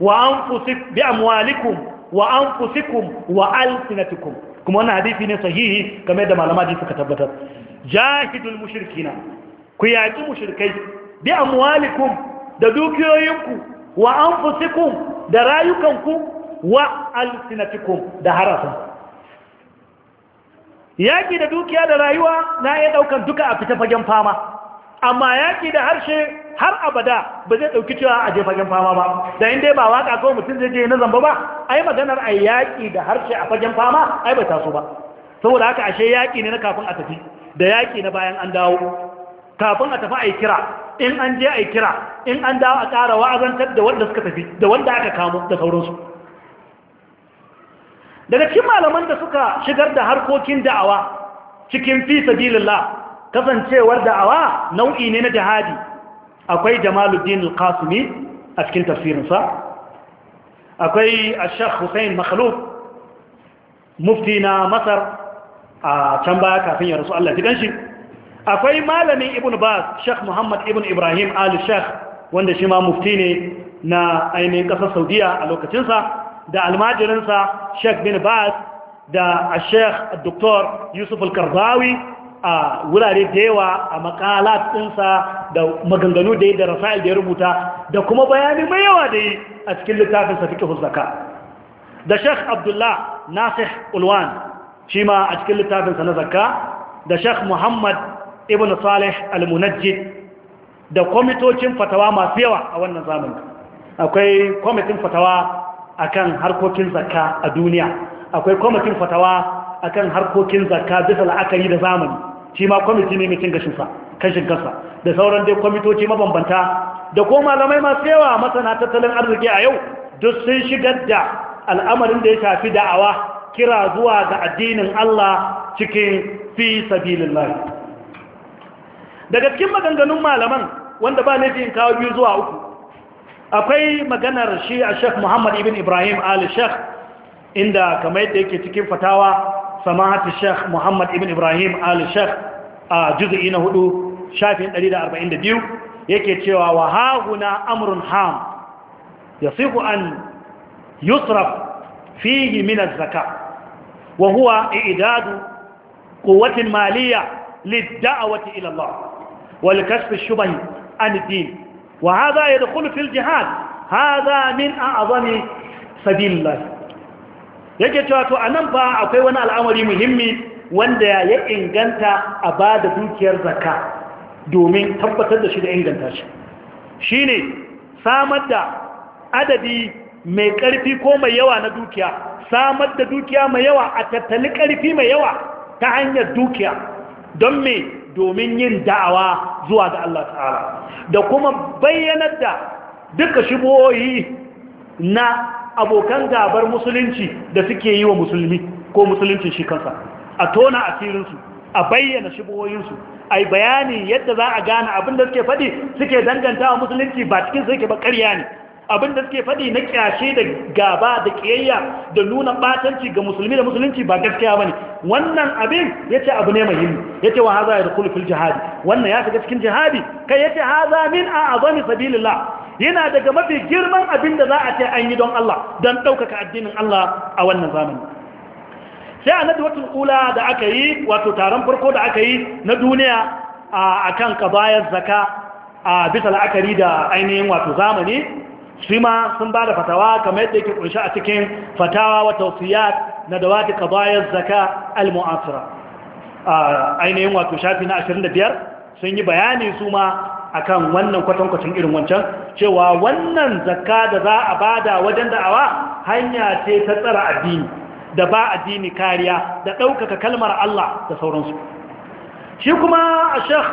Speaker 1: wa amwalikum wa anfusikum wa kuma wannan hadisi ne sahihi game da malama suka tabbatar jahidul mushrikina ku yaki mushrikai bi amwalikum da dukiyoyinku wa anfusikum da rayukanku wa alsinatikum da harafin yaƙi da dukiya da rayuwa na iya ɗaukan duka a fita fagen fama amma yaƙi da harshe har abada ba zai ɗauki cewa a je fagen fama ba da inda ba waka ko mutum zai je na zamba ba ai maganar a yaƙi da harshe a fagen fama ai bai taso ba saboda haka ashe yaƙi ne na kafin a tafi da yaƙi na bayan an dawo kafin a tafi a yi kira in an je a kira in an dawo a ƙara wa'azantar da wanda suka tafi da wanda aka kamo da sauransu daga cikin malaman da suka shigar da harkokin da'awa cikin fi sabilillah kasancewar da'awa nau'i ne na jihadi akwai jamaluddin al-qasimi a cikin tafsirinsa akwai ash-shaykh Hussein Makhluf mufti na Masar a can baya kafin ya rasu Allah ya ganshi akwai malamin ibn bas shekh muhammad ibn ibrahim ali shekh wanda shi ma mufti ne na ainihin ƙasar saudiya a lokacinsa da almajirinsa shekh bin bas da shekh doktor yusuf al-karbawi a wurare da yawa a makalat ɗinsa da maganganu da yi da rasa'il da ya rubuta da kuma bayani mai yawa da yi a cikin littafinsa fi kifin zaka da shekh abdullah nasir ulwan shi ma a cikin littafinsa na zakka da shekh muhammad ibn salih al-munajjid da kwamitocin fatawa masu yawa a wannan zamani akwai kwamitin fatawa akan harkokin zakka a duniya akwai kwamitin fatawa akan harkokin zakka bisa la'akari da zamani shi ma kwamiti ne mai cin kashin kansa da sauran dai kwamitoci mabambanta da ko malamai masu yawa masana tattalin arziki a yau duk sun shigar da al'amarin da ya shafi da'awa kira zuwa ga addinin Allah cikin fi sabilillah daga cikin maganganun malaman wanda ba ne in kawo biyu zuwa uku akwai maganar shi a shek muhammad ibn ibrahim ali shek inda kamar yadda yake cikin fatawa samahati shek muhammad ibn ibrahim ali shek a juzu'i na hudu shafin 142 yake cewa wa amrun ham yasihu an yusraf fihi min zaka wa huwa i'dadu quwwatin maliyya lid-da'wati والكشف الشبه عن الدين وهذا يدخل في الجهاد هذا من أعظم سبيل الله yake cewa to anan ba akwai wani al'amari muhimmi wanda ya inganta a ba da dukiyar zakka domin tabbatar da shi da inganta shi shine samar da adadi mai ƙarfi ko mai yawa na dukiya samar da dukiya mai yawa a tattali ƙarfi mai yawa ta hanyar dukiya don me domin yin da'awa zuwa ga Allah ta'ala da kuma bayyanar da duka shiboyi na abokan gabar musulunci da suke yi wa musulmi ko musulunci shi kansa a tona asirinsu a bayyana shiboyinsu a yi bayani yadda za a gane abin da suke faɗi suke danganta musulunci ba cikin suke ba ƙarya ne abin da suke faɗi na kyashe da gaba da ƙiyayya da nuna ɓatanci ga musulmi da musulunci ba gaskiya ba ne wannan abin ya ce abu ne muhimmi ya ce wa haza ya da kulufin jihadi wannan ya shiga cikin jihadi kai ya ce haza min a azami sabilillah yana daga mafi girman abin da za a ce an yi don Allah don ɗaukaka addinin Allah a wannan zamani sai a nadwatul kula da aka yi wato taron farko da aka yi na duniya a kan kabayar zaka a bisa la'akari da ainihin wato zamani shi ma sun ba da fatawa kamar yadda yake kunshi a cikin fatawa wa tausiyat na dawati qadayat zaka al-mu'asira ainihin wato shafi na 25 sun yi bayani su ma akan wannan kwatankwacin irin wancan cewa wannan zakka da za a ba da wajen da'awa hanya ce ta tsara addini da ba addini kariya da ɗaukaka kalmar Allah da sauransu shi kuma a shekh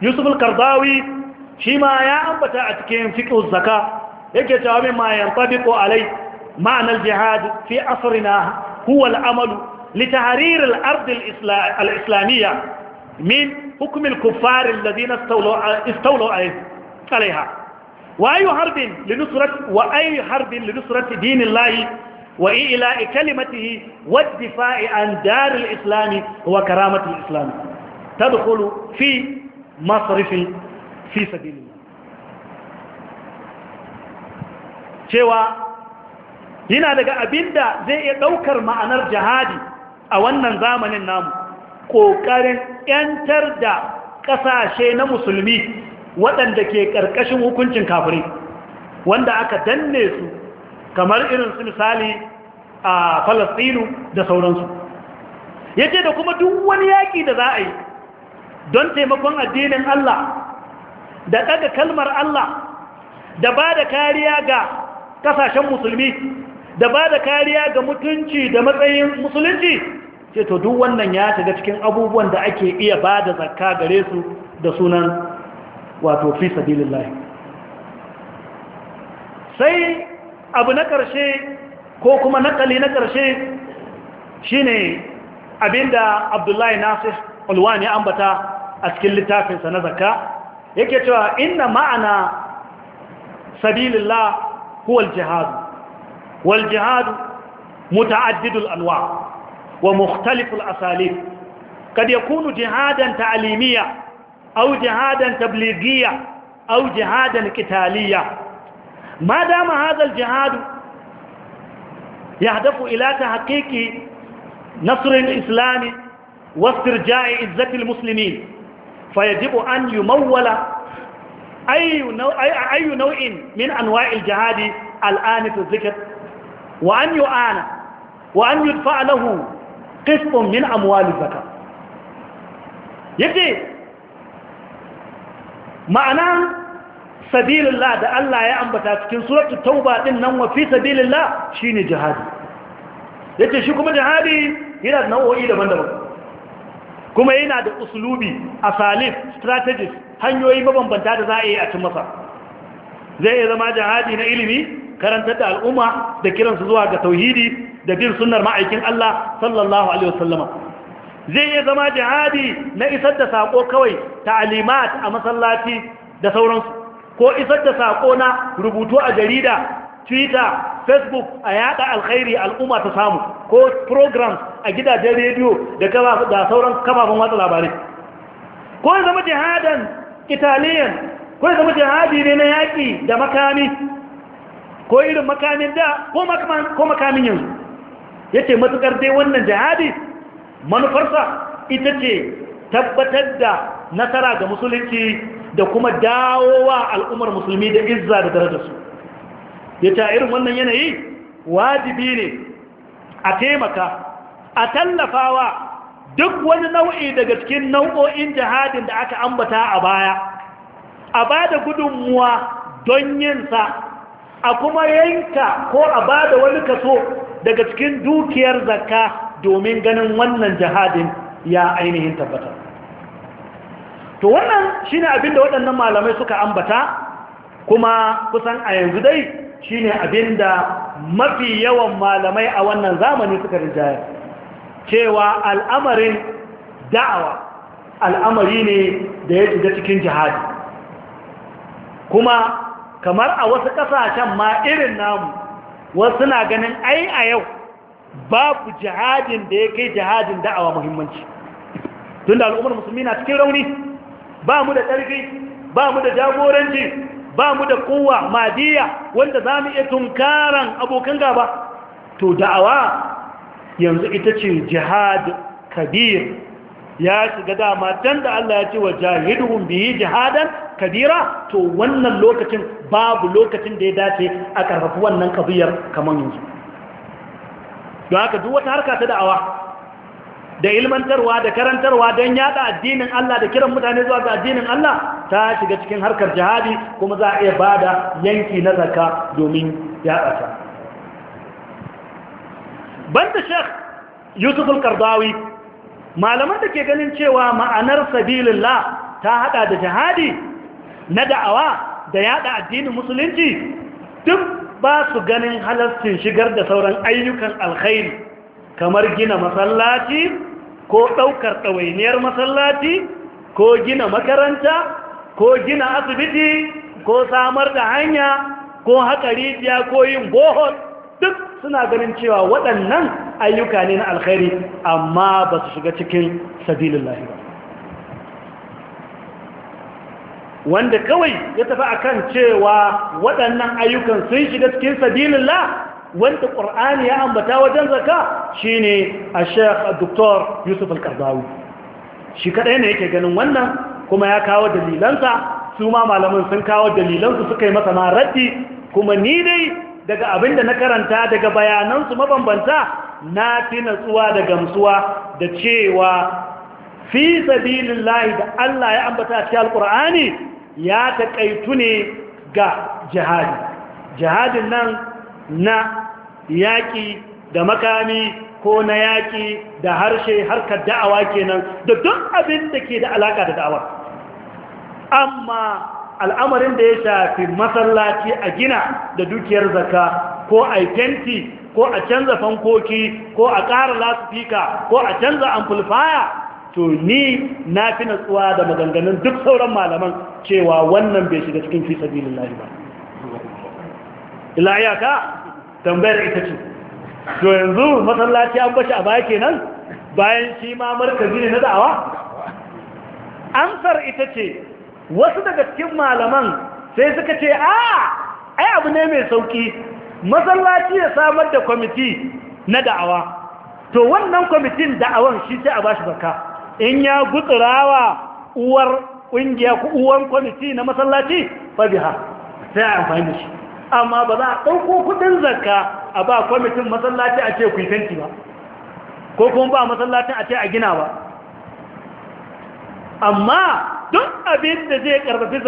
Speaker 1: yusuf al-kardawi shi ma ya ambata a cikin fiƙin zakka yake cewa min ma yantabiqu alai ma'anar jihad fi asrina huwa al-amalu li tahrir al-ard al-islamiyya min hukm al-kuffar alladhina istawlaw alaiha wa ayu harbin li nusrat wa ayu harbin li nusrat dinillahi wa ila kalimatihi wa ad-difa'i an dar al-islam wa karamat al-islam tadkhulu fi masrif fi sabilillah cewa yana daga abinda zai iya ɗaukar ma'anar jihadi a wannan zamanin namu ƙoƙarin 'yantar da ƙasashe na musulmi waɗanda ke ƙarƙashin hukuncin kafirai wanda aka danne su kamar irin su misali a falastinu da sauransu ya ce da kuma duk wani yaƙi da za a yi don taimakon addinin Allah da ɗaga kalmar Allah da ba da kariya ga kasashen musulmi da ba da kariya ga mutunci da matsayin musulunci ce to duk wannan ya shiga cikin abubuwan da ake iya ba da zakka gare su da sunan wato fi sabilillahi sai abu na ƙarshe ko kuma nakali na ƙarshe shine abinda abdullahi nasir ulwani ambata a cikin littafinsa na zakka yake cewa inna ma'ana sabilillah هو الجهاد والجهاد متعدد الأنواع ومختلف الأساليب قد يكون جهادا تعليميا أو جهادا تبليغيا أو جهادا قتاليا ما دام هذا الجهاد يهدف إلى تحقيق نصر الإسلام واسترجاع عزة المسلمين فيجب أن يمول ayyu nau'in min anwa'il jihadi al'ani fi wa an yu'ana wa an yudfa lahu qismun min amwali zakat Yake ma'ana sabilillah da Allah ya ambata cikin suratu tauba ɗin nan wafi fi shi ne jihadi Yake shi kuma jihadi yana da nau'o'i daban-daban kuma yana da usulubi asalif strategies hanyoyi mabambanta da za a yi a cin masa zai iya zama jihadi na ilimi karantar da al'umma da kiransu zuwa ga tauhidi da bin sunnar ma'aikin Allah sallallahu alaihi wasallama zai iya zama jihadi na isar da sako kawai ta'alimat a masallaci da sauransu ko isar da sako na rubutu a jarida twitter facebook a yada alkhairi al'umma ta samu ko programs a gidajen rediyo da sauran kafafen watsa labarai ko ya zama jihadan italiyan ko ya zama jihadi ne na yaƙi da makami ko irin makamin da ko makamin yanzu ya ce matuƙar dai wannan jihadi manufarsa ita ce tabbatar da nasara ga musulunci da kuma dawowa al'ummar musulmi da izza da darajarsu ya ta irin wannan yanayi wajibi ne a taimaka a tallafawa duk wani nau'i daga cikin nau'o'in jihadin da aka ambata a baya a ba da gudunmuwa don yinsa a kuma yanka ko a ba da wani kaso daga cikin dukiyar zakka domin ganin wannan jihadin ya ainihin tabbata to wannan shine abinda waɗannan malamai suka ambata kuma kusan a yanzu dai shine abinda mafi yawan malamai a wannan zamani suka rijaya cewa al'amarin da'awa al'amari ne da ya shiga cikin jihadi kuma kamar a wasu ƙasashen ma irin namu wasu na ganin ai a yau babu jihadin da ya kai jihadin da'awa muhimmanci tunda al'ummar musulmi na cikin rauni ba mu da ƙarfi ba mu da jagoranci ba mu da kowa madiya wanda za mu iya tunkaran abokan gaba to da'awa yanzu ita ce jihad kabir ya shiga dama can da Allah ya ce wa jahidun biyi jihadan kabira to wannan lokacin babu lokacin da ya dace a karfafi wannan kabiyar kamar yanzu don haka duk wata harka ta da'awa da ilmantarwa da karantarwa don yada addinin Allah da kiran mutane zuwa ga addinin Allah ta shiga cikin harkar jihadi kuma za a iya da yanki na zaka domin yada ta banda Sheikh Yusuf al-Qardawi malaman da ke ganin cewa ma'anar sabilillah ta hada da jihadi na da'awa da yada addinin musulunci duk ba su ganin halastin shigar da sauran ayyukan alkhairi kamar gina masallaci ko ɗaukar ɗawainiyar masallaci ko gina makaranta ko gina asibiti ko samar da hanya ko haka rijiya ko yin bohol duk suna ganin cewa waɗannan ayyuka ne na alkhairi amma ba su shiga cikin sabilin ba wanda kawai ya tafi akan cewa waɗannan ayyukan sun shiga cikin sabilin wanda ƙur'ani ya ambata wajen zaka shine a sheikh doktor yusuf al shi kaɗai ne yake ganin wannan kuma ya kawo dalilansa su ma malamin sun kawo dalilansu suka yi masa maraddi kuma ni dai daga abin da na karanta daga bayanansu mabambanta na fi natsuwa da gamsuwa da cewa fi sabilillahi da Allah ya ambata a cikin alƙur'ani ya taƙaitu ne ga jihadi jihadin nan na yaƙi da makami ko na yaƙi da harshe harkar da'awa kenan da duk abin da ke da alaƙa da da'awa amma al'amarin da ya shafi masallaci a gina da dukiyar zaka ko a fenti ko a canza fankoki ko a ƙara lasifika ko a canza amplifier to ni na fi natsuwa da maganganun duk sauran malaman cewa wannan bai shiga cikin fi sabi lullahi ba tambayar ita ce to yanzu masallaci an bashi a baya kenan bayan shi ma markazi ne na da'awa Amsar ita ce wasu daga cikin malaman sai suka ce a ai abu ne mai sauki masallaci ya samar da kwamiti na da'awa to wannan kwamitin da'awan shi ce a bashi baka in ya gutsurawa uwar ƙungiya ku uwan kwamiti na masallaci fa biha sai a amfani da shi amma ba za a ɗauko kuɗin zakka a ba kwamitin masallaci a ce ku yi ba ko kuma ba masallacin a ce a gina ba amma abin da zai karfafi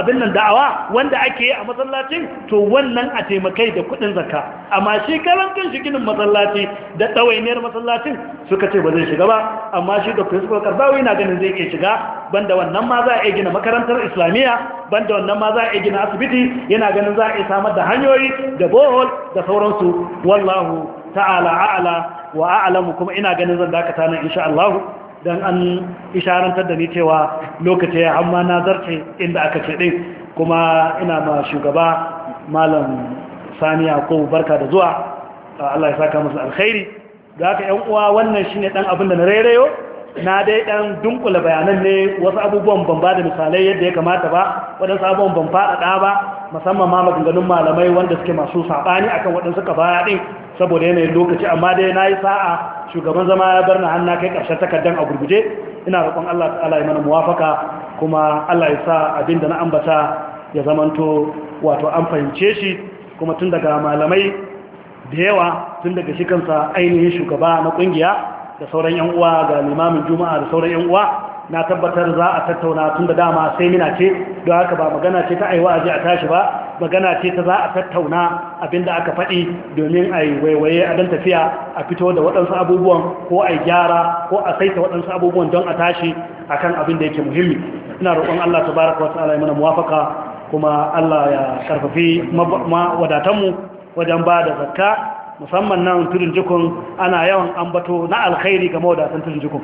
Speaker 1: abin nan da'awa wanda ake yi a masallacin to wannan a taimakai da kudin zakka amma shi karan kan shi ginin masallaci da ɗawainiyar masallacin suka ce ba zai shiga ba amma shi da principal karbawi na ganin zai iya shiga banda wannan ma za a iya gina makarantar islamiyya banda wannan ma za a iya gina asibiti yana ganin za a iya samar da hanyoyi da bohol da sauransu wallahu ta'ala a'ala wa a'lamu kuma ina ganin zan dakata nan insha Allah don an isharantar da ni cewa lokaci ya amma na zarce inda aka ce ɗin kuma ina ma shugaba malam saniya ko barka da zuwa Allah ya saka masu alkhairi da haka yan uwa wannan shi ne dan abin da na rairayo na dai ɗan dunkula bayanan ne wasu abubuwan ban ba da misalai yadda ya kamata ba waɗansu abubuwan ban faɗaɗa ba musamman ma maganganun malamai wanda suke masu saɓani akan waɗansu ka baya ɗin saboda yanayin lokaci amma dai na yi sa'a shugaban zama ya bar na hannu kai ƙarshen takardar a gurguje ina roƙon Allah ta'ala ya mana muwafaka kuma Allah ya sa abin da na ambata ya zamanto wato an fahimce shi kuma tun daga malamai da yawa tun daga shi kansa ainihin shugaba na ƙungiya da sauran yan uwa ga limamin juma'a da sauran yan uwa na tabbatar za a tattauna tun da dama sai mina ce don haka ba magana ce ta aiwa aje a tashi ba magana ce ta za a tattauna abinda aka faɗi domin a yi waiwaye a don tafiya a fito da waɗansu abubuwan ko a gyara ko a saita waɗansu abubuwan don a tashi akan abin da yake muhimmi ina roƙon Allah tabaraka wa ta'ala ya mana muwafaka kuma Allah ya karfafi ma wadatanmu wajen ba da zakka musamman nan tudun jikun ana yawan ambato na alkhairi ga mawadatan tudun jikun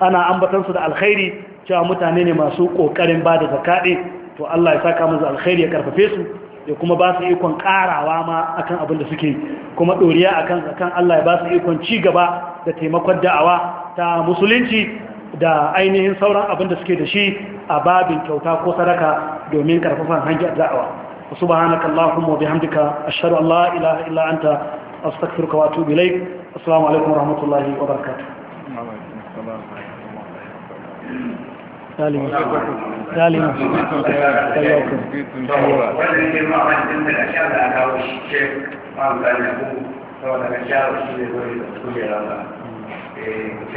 Speaker 1: ana ambatansu da alkhairi cewa mutane ne masu kokarin ba da zakaɗe to Allah ya saka musu alkhairi ya karfafe su ya kuma ba su ikon karawa ma akan abin da suke kuma doriya akan zakan Allah ya ba su ikon ci gaba da taimakon da'awa ta musulunci da ainihin sauran abin da suke da shi a babin kyauta ko sadaka domin karfafan hanyar da'awa subhanakallahumma wa bihamdika ashhadu an la ilaha illa anta أستغفرك وأتوب إليك السلام عليكم ورحمة الله وبركاته سالم سالم سالم